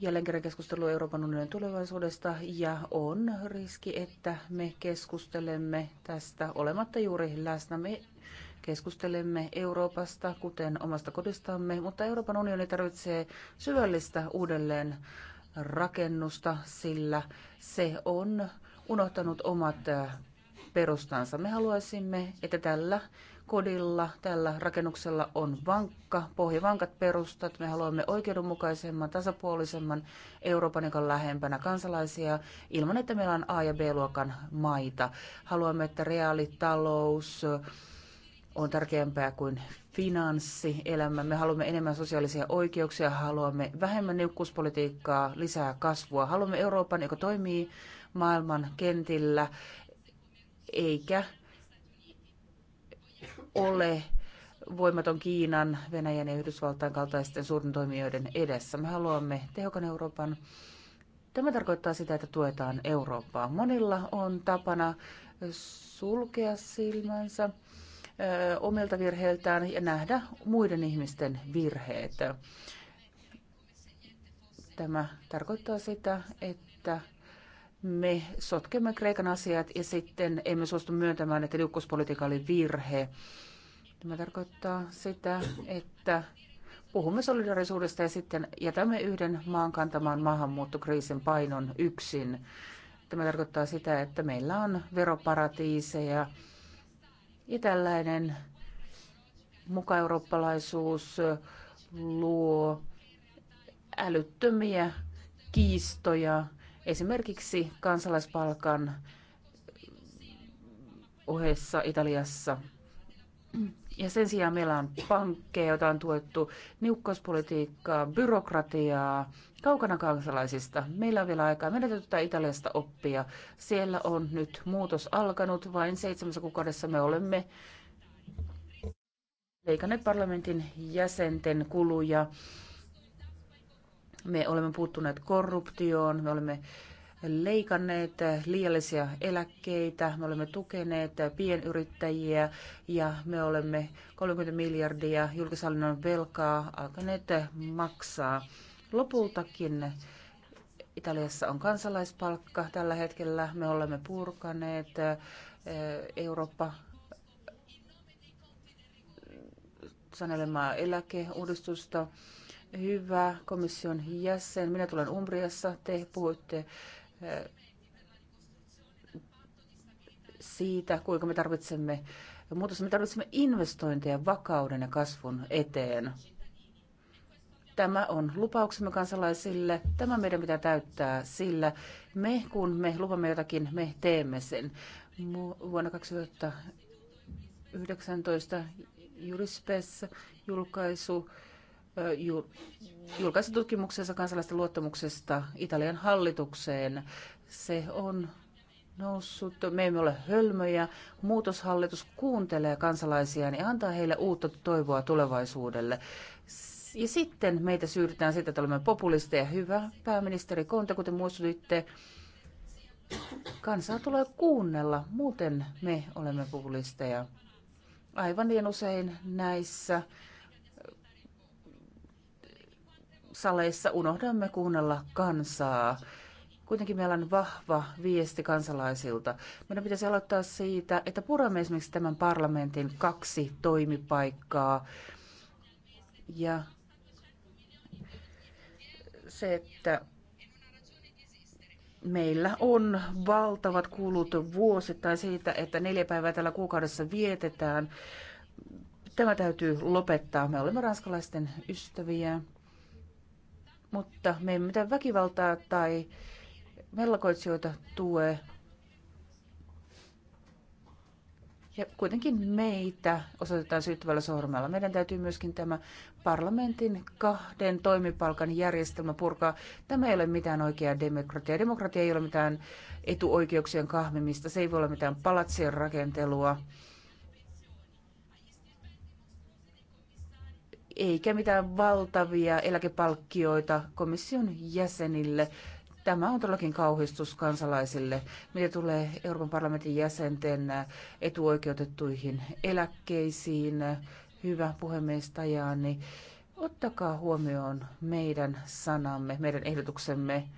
jälleen kerran keskustelu Euroopan unionin tulevaisuudesta ja on riski, että me keskustelemme tästä olematta juuri läsnä. Me keskustelemme Euroopasta, kuten omasta kodistamme, mutta Euroopan unioni tarvitsee syvällistä uudelleen rakennusta, sillä se on unohtanut omat perustansa. Me haluaisimme, että tällä kodilla, tällä rakennuksella on vankka, pohjavankat perustat. Me haluamme oikeudenmukaisemman, tasapuolisemman Euroopan, joka on lähempänä kansalaisia, ilman että meillä on A- ja B-luokan maita. Haluamme, että reaalitalous on tärkeämpää kuin finanssielämä. Me haluamme enemmän sosiaalisia oikeuksia, haluamme vähemmän niukkuuspolitiikkaa, lisää kasvua. Haluamme Euroopan, joka toimii maailman kentillä eikä ole voimaton Kiinan, Venäjän ja Yhdysvaltain kaltaisten suurten toimijoiden edessä. Me haluamme tehokan Euroopan. Tämä tarkoittaa sitä, että tuetaan Eurooppaa. Monilla on tapana sulkea silmänsä omilta virheiltään ja nähdä muiden ihmisten virheet. Tämä tarkoittaa sitä, että me sotkemme Kreikan asiat ja sitten emme suostu myöntämään, että liukkuspolitiikka oli virhe. Tämä tarkoittaa sitä, että puhumme solidarisuudesta ja sitten jätämme yhden maan kantamaan maahanmuuttokriisin painon yksin. Tämä tarkoittaa sitä, että meillä on veroparatiiseja ja tällainen mukaeurooppalaisuus luo älyttömiä kiistoja esimerkiksi kansalaispalkan ohessa Italiassa. Ja sen sijaan meillä on pankkeja, joita on tuettu, niukkauspolitiikkaa, byrokratiaa, kaukana kansalaisista. Meillä on vielä aikaa. Meidän täytyy Italiasta oppia. Siellä on nyt muutos alkanut. Vain seitsemässä kuukaudessa me olemme leikanneet parlamentin jäsenten kuluja me olemme puuttuneet korruptioon, me olemme leikanneet liiallisia eläkkeitä, me olemme tukeneet pienyrittäjiä ja me olemme 30 miljardia julkishallinnon velkaa alkaneet maksaa. Lopultakin Italiassa on kansalaispalkka tällä hetkellä. Me olemme purkaneet eh, Eurooppa sanelemaa eläkeuudistusta. Hyvä komission jäsen, minä tulen Umbriassa, te puhuitte eh, siitä, kuinka me tarvitsemme muutos. Me tarvitsemme investointeja vakauden ja kasvun eteen. Tämä on lupauksemme kansalaisille. Tämä meidän pitää täyttää, sillä me, kun me lupamme jotakin, me teemme sen. Vuonna 2019 Jurispes julkaisu julkaisi tutkimuksensa kansalaisten luottamuksesta Italian hallitukseen. Se on noussut. Me emme ole hölmöjä. Muutoshallitus kuuntelee kansalaisiaan ja antaa heille uutta toivoa tulevaisuudelle. Ja sitten meitä syydetään siitä, että olemme populisteja. Hyvä pääministeri Konte, kuten muistutitte, kansaa tulee kuunnella. Muuten me olemme populisteja. Aivan niin usein näissä saleissa unohdamme kuunnella kansaa. Kuitenkin meillä on vahva viesti kansalaisilta. Meidän pitäisi aloittaa siitä, että puramme esimerkiksi tämän parlamentin kaksi toimipaikkaa. Ja se, että meillä on valtavat kulut vuosittain siitä, että neljä päivää tällä kuukaudessa vietetään. Tämä täytyy lopettaa. Me olemme ranskalaisten ystäviä mutta me ei mitään väkivaltaa tai mellakoitsijoita tue. Ja kuitenkin meitä osoitetaan syyttävällä sormella. Meidän täytyy myöskin tämä parlamentin kahden toimipalkan järjestelmä purkaa. Tämä ei ole mitään oikeaa demokratiaa. Demokratia ei ole mitään etuoikeuksien kahmimista. Se ei voi olla mitään palatsien rakentelua. eikä mitään valtavia eläkepalkkioita komission jäsenille. Tämä on todellakin kauhistus kansalaisille, mitä tulee Euroopan parlamentin jäsenten etuoikeutettuihin eläkkeisiin. Hyvä puhemies Tajani, ottakaa huomioon meidän sanamme, meidän ehdotuksemme.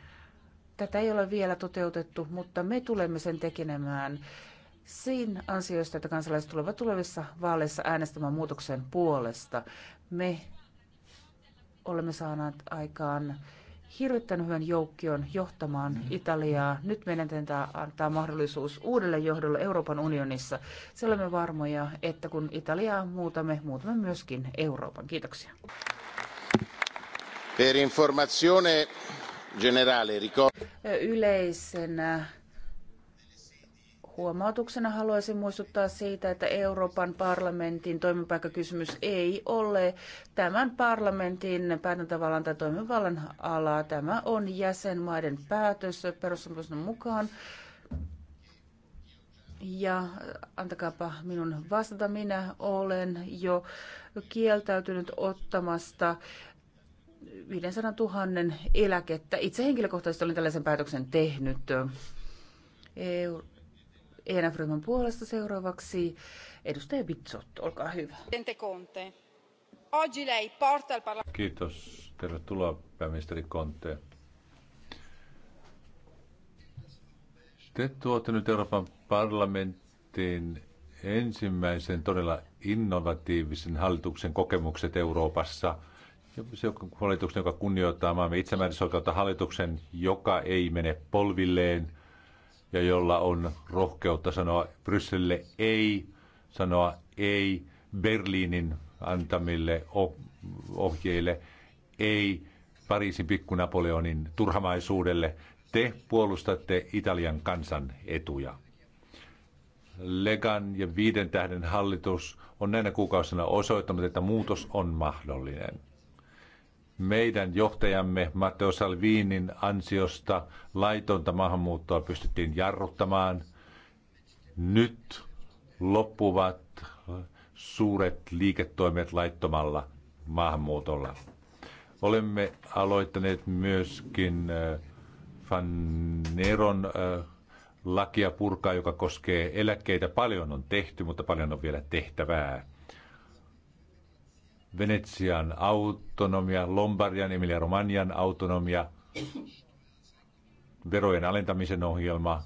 Tätä ei ole vielä toteutettu, mutta me tulemme sen tekemään siinä ansiosta, että kansalaiset tulevat tulevissa vaaleissa äänestämään muutoksen puolesta me olemme saaneet aikaan hirvittävän hyvän joukkion johtamaan Italiaa. Nyt meidän tämä antaa mahdollisuus uudelle johdolle Euroopan unionissa. Se olemme varmoja, että kun Italiaa muutamme, muutamme myöskin Euroopan. Kiitoksia. Per informazione generale, ricor- Yleisenä Huomautuksena haluaisin muistuttaa siitä, että Euroopan parlamentin toimipaikkakysymys ei ole tämän parlamentin päätäntävallan tai toimivallan alaa. Tämä on jäsenmaiden päätös perussopimuksen mukaan. Ja antakaapa minun vastata, minä olen jo kieltäytynyt ottamasta 500 000 eläkettä. Itse henkilökohtaisesti olen tällaisen päätöksen tehnyt. EU Eena ryhmän puolesta seuraavaksi edustaja Bitsot, olkaa hyvä. Kiitos. Tervetuloa pääministeri Conte. Te tuotte nyt Euroopan parlamenttiin ensimmäisen todella innovatiivisen hallituksen kokemukset Euroopassa. Se on hallituksen, joka kunnioittaa maamme itsemääräämisoikeutta, hallituksen, joka ei mene polvilleen – ja jolla on rohkeutta sanoa Brysselille ei, sanoa ei Berliinin antamille ohjeille, ei Pariisin Napoleonin turhamaisuudelle. Te puolustatte Italian kansan etuja. Legan ja viiden tähden hallitus on näinä kuukausina osoittanut, että muutos on mahdollinen meidän johtajamme Matteo Salvinin ansiosta laitonta maahanmuuttoa pystyttiin jarruttamaan. Nyt loppuvat suuret liiketoimet laittomalla maahanmuutolla. Olemme aloittaneet myöskin Faneron äh, äh, lakia purkaa, joka koskee eläkkeitä. Paljon on tehty, mutta paljon on vielä tehtävää. Venetsian autonomia, Lombardian, Emilia Romanian autonomia, verojen alentamisen ohjelma.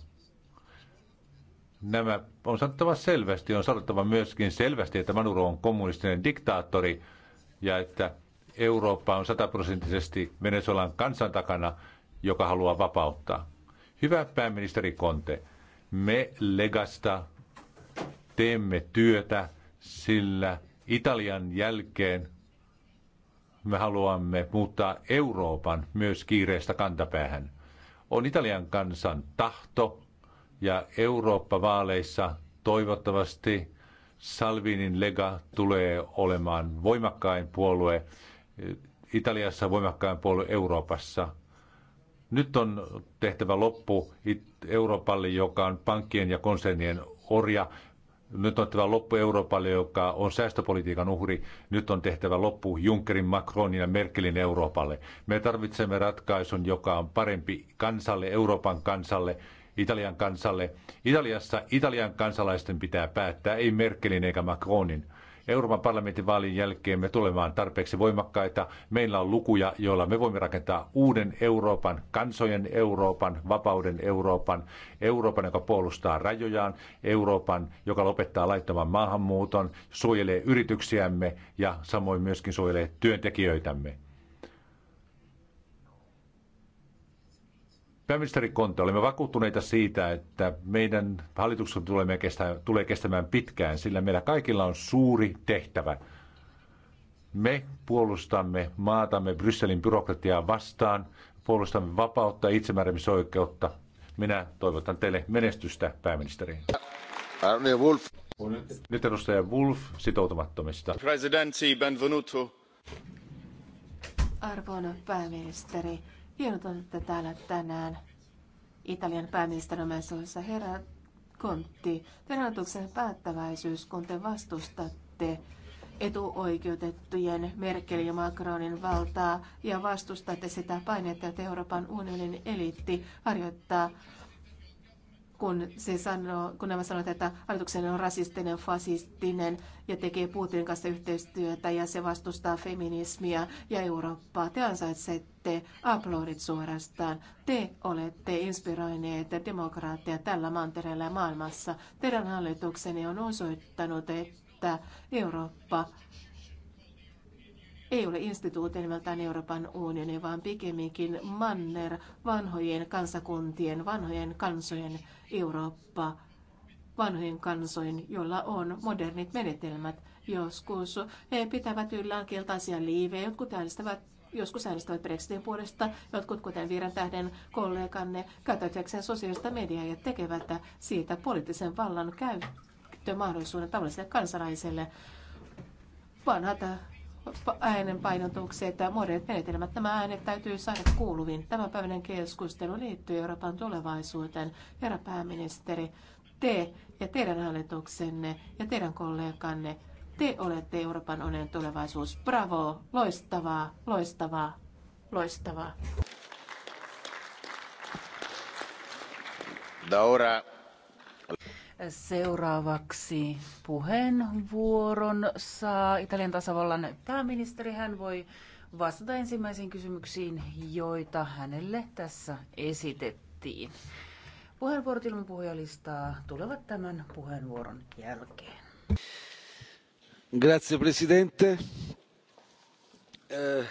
Nämä on sanottava selvästi, on sanottava myöskin selvästi, että Maduro on kommunistinen diktaattori ja että Eurooppa on sataprosenttisesti Venezuelan kansan takana, joka haluaa vapauttaa. Hyvä pääministeri Conte, me Legasta teemme työtä, sillä Italian jälkeen me haluamme muuttaa Euroopan myös kiireestä kantapäähän. On Italian kansan tahto ja Eurooppa-vaaleissa toivottavasti Salvinin Lega tulee olemaan voimakkain puolue Italiassa, voimakkain puolue Euroopassa. Nyt on tehtävä loppu Euroopalle, joka on pankkien ja konsernien orja. Nyt on tehtävä loppu Euroopalle, joka on säästöpolitiikan uhri. Nyt on tehtävä loppu Junckerin, Macronin ja Merkelin Euroopalle. Me tarvitsemme ratkaisun, joka on parempi kansalle, Euroopan kansalle, Italian kansalle. Italiassa Italian kansalaisten pitää päättää, ei Merkelin eikä Macronin. Euroopan parlamentin vaalin jälkeen me tulemaan tarpeeksi voimakkaita. Meillä on lukuja, joilla me voimme rakentaa uuden Euroopan, kansojen Euroopan, vapauden Euroopan, Euroopan, joka puolustaa rajojaan, Euroopan, joka lopettaa laittoman maahanmuuton, suojelee yrityksiämme ja samoin myöskin suojelee työntekijöitämme. Pääministeri Konta, olemme vakuuttuneita siitä, että meidän hallituksen tulee, kestä, tulee kestämään pitkään, sillä meillä kaikilla on suuri tehtävä. Me puolustamme maatamme Brysselin byrokratiaa vastaan, puolustamme vapautta ja itsemääräämisoikeutta. Minä toivotan teille menestystä, pääministeri. Wolf. Nyt edustaja Wolf sitoutumattomista. Presidentti Benvenuto. Arvon pääministeri, Hienoa, että täällä tänään Italian pääministeri omaisuudessa herra Kontti, teidän päättäväisyys, kun te vastustatte etuoikeutettujen Merkel ja Macronin valtaa ja vastustatte sitä painetta, että Euroopan unionin eliitti harjoittaa kun, se sanoo, kun nämä sanovat, että hallituksen on rasistinen, fasistinen ja tekee Putinin kanssa yhteistyötä ja se vastustaa feminismiä ja Eurooppaa. Te ansaitsette aplodit suorastaan. Te olette inspiroineet demokraatteja tällä mantereella ja maailmassa. Teidän hallituksenne on osoittanut, että Eurooppa ei ole instituutio nimeltään Euroopan unioni, vaan pikemminkin manner vanhojen kansakuntien, vanhojen kansojen Eurooppa, vanhojen kansojen, jolla on modernit menetelmät. Joskus he pitävät yllään keltaisia liivejä, jotkut äänestävät joskus äänestävät Brexitin puolesta, jotkut kuten Viiran tähden kolleganne käytäkseen sosiaalista mediaa ja tekevät siitä poliittisen vallan käyttömahdollisuuden tavalliselle kansalaiselle. Vanhat äänen painotukset ja modernet menetelmät. Tämä äänet täytyy saada kuuluviin. Tämänpäiväinen keskustelu liittyy Euroopan tulevaisuuteen. Herra pääministeri, te ja teidän hallituksenne ja teidän kolleganne, te olette Euroopan onnen tulevaisuus. Bravo, loistavaa, loistavaa, loistavaa. Da ora Seuraavaksi puheenvuoron saa Italian tasavallan pääministeri. Hän voi vastata ensimmäisiin kysymyksiin, joita hänelle tässä esitettiin. Puheenvuorot ilman puhujalistaa tulevat tämän puheenvuoron jälkeen. Grazie Presidente. Eh,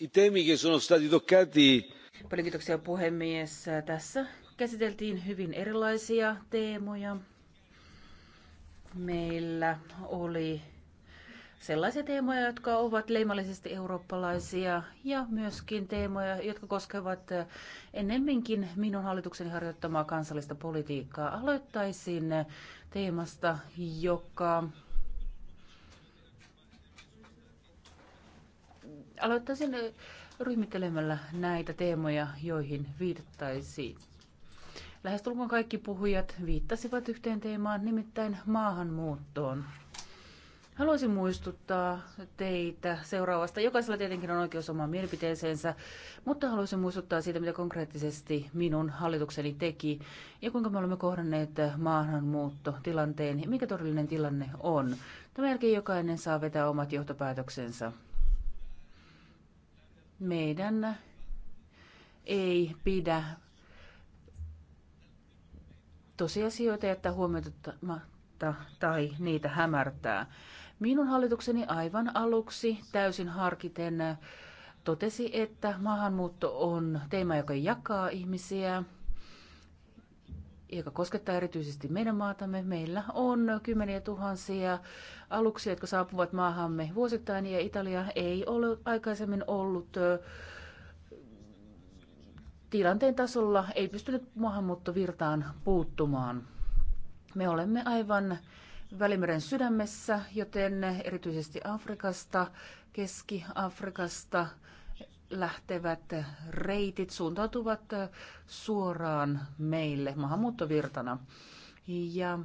I temi che sono stati toccati... Paljon kiitoksia puhemies. Tässä käsiteltiin hyvin erilaisia teemoja. Meillä oli sellaisia teemoja, jotka ovat leimallisesti eurooppalaisia ja myöskin teemoja, jotka koskevat ennemminkin minun hallituksen harjoittamaa kansallista politiikkaa. Aloittaisin teemasta, joka aloittaisin ryhmittelemällä näitä teemoja, joihin viitattaisiin. Lähestulkoon kaikki puhujat viittasivat yhteen teemaan, nimittäin maahanmuuttoon. Haluaisin muistuttaa teitä seuraavasta. Jokaisella tietenkin on oikeus omaan mielipiteeseensä, mutta haluaisin muistuttaa siitä, mitä konkreettisesti minun hallitukseni teki ja kuinka me olemme kohdanneet maahanmuuttotilanteen ja mikä todellinen tilanne on. Tämän jälkeen jokainen saa vetää omat johtopäätöksensä. Meidän ei pidä tosiasioita jättää huomioimatta tai niitä hämärtää. Minun hallitukseni aivan aluksi täysin harkiten totesi, että maahanmuutto on teema, joka jakaa ihmisiä, joka koskettaa erityisesti meidän maatamme. Meillä on kymmeniä tuhansia aluksia, jotka saapuvat maahamme vuosittain, ja Italia ei ole aikaisemmin ollut tilanteen tasolla ei pystynyt maahanmuuttovirtaan puuttumaan. Me olemme aivan Välimeren sydämessä, joten erityisesti Afrikasta, Keski-Afrikasta lähtevät reitit suuntautuvat suoraan meille maahanmuuttovirtana. Ja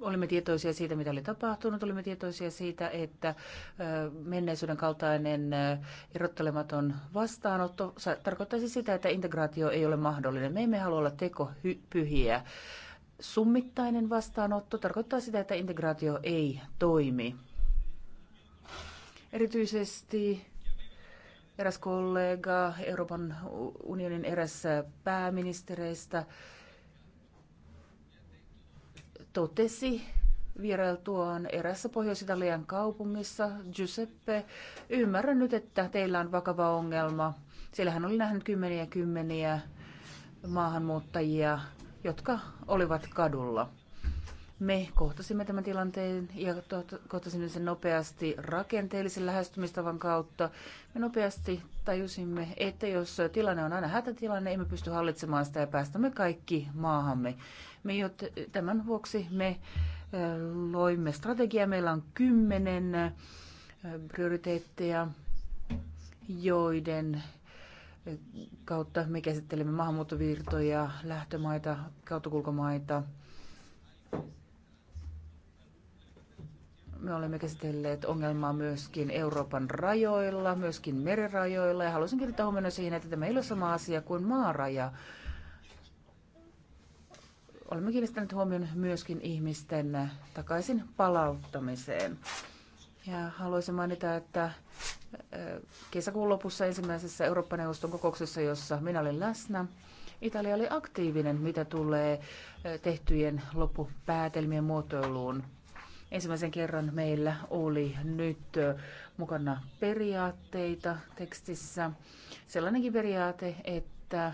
olimme tietoisia siitä, mitä oli tapahtunut, olimme tietoisia siitä, että menneisyyden kaltainen erottelematon vastaanotto tarkoittaisi sitä, että integraatio ei ole mahdollinen. Me emme halua olla tekopyhiä. Summittainen vastaanotto tarkoittaa sitä, että integraatio ei toimi. Erityisesti eräs kollega, Euroopan unionin eräs pääministereistä, totesi vierailtuaan erässä Pohjois-Italian kaupungissa, Giuseppe, ymmärrän nyt, että teillä on vakava ongelma. Siellä hän oli nähnyt kymmeniä kymmeniä maahanmuuttajia, jotka olivat kadulla. Me kohtasimme tämän tilanteen ja tuota, kohtasimme sen nopeasti rakenteellisen lähestymistavan kautta. Me nopeasti tajusimme, että jos tilanne on aina hätätilanne, emme pysty hallitsemaan sitä ja päästämme kaikki maahamme. Me, tämän vuoksi me loimme strategia. Meillä on kymmenen prioriteetteja, joiden kautta me käsittelemme maahanmuuttovirtoja, lähtömaita, kautokulkomaita. Me olemme käsitelleet ongelmaa myöskin Euroopan rajoilla, myöskin merirajoilla ja haluaisin kiinnittää huomioon siihen, että tämä ei ole sama asia kuin maaraja olemme kiinnittäneet huomion myöskin ihmisten takaisin palauttamiseen. Ja haluaisin mainita, että kesäkuun lopussa ensimmäisessä Eurooppa-neuvoston kokouksessa, jossa minä olin läsnä, Italia oli aktiivinen, mitä tulee tehtyjen loppupäätelmien muotoiluun. Ensimmäisen kerran meillä oli nyt mukana periaatteita tekstissä. Sellainenkin periaate, että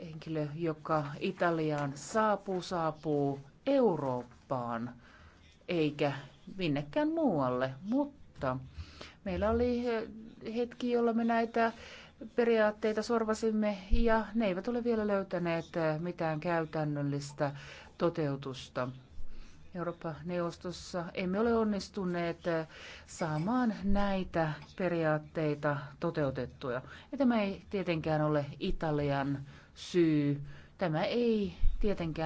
henkilö, joka Italiaan saapuu, saapuu Eurooppaan eikä minnekään muualle. Mutta meillä oli hetki, jolla me näitä periaatteita sorvasimme ja ne eivät ole vielä löytäneet mitään käytännöllistä toteutusta. Euroopan neuvostossa emme ole onnistuneet saamaan näitä periaatteita toteutettuja. Ja tämä ei tietenkään ole Italian syy. Tämä ei tietenkään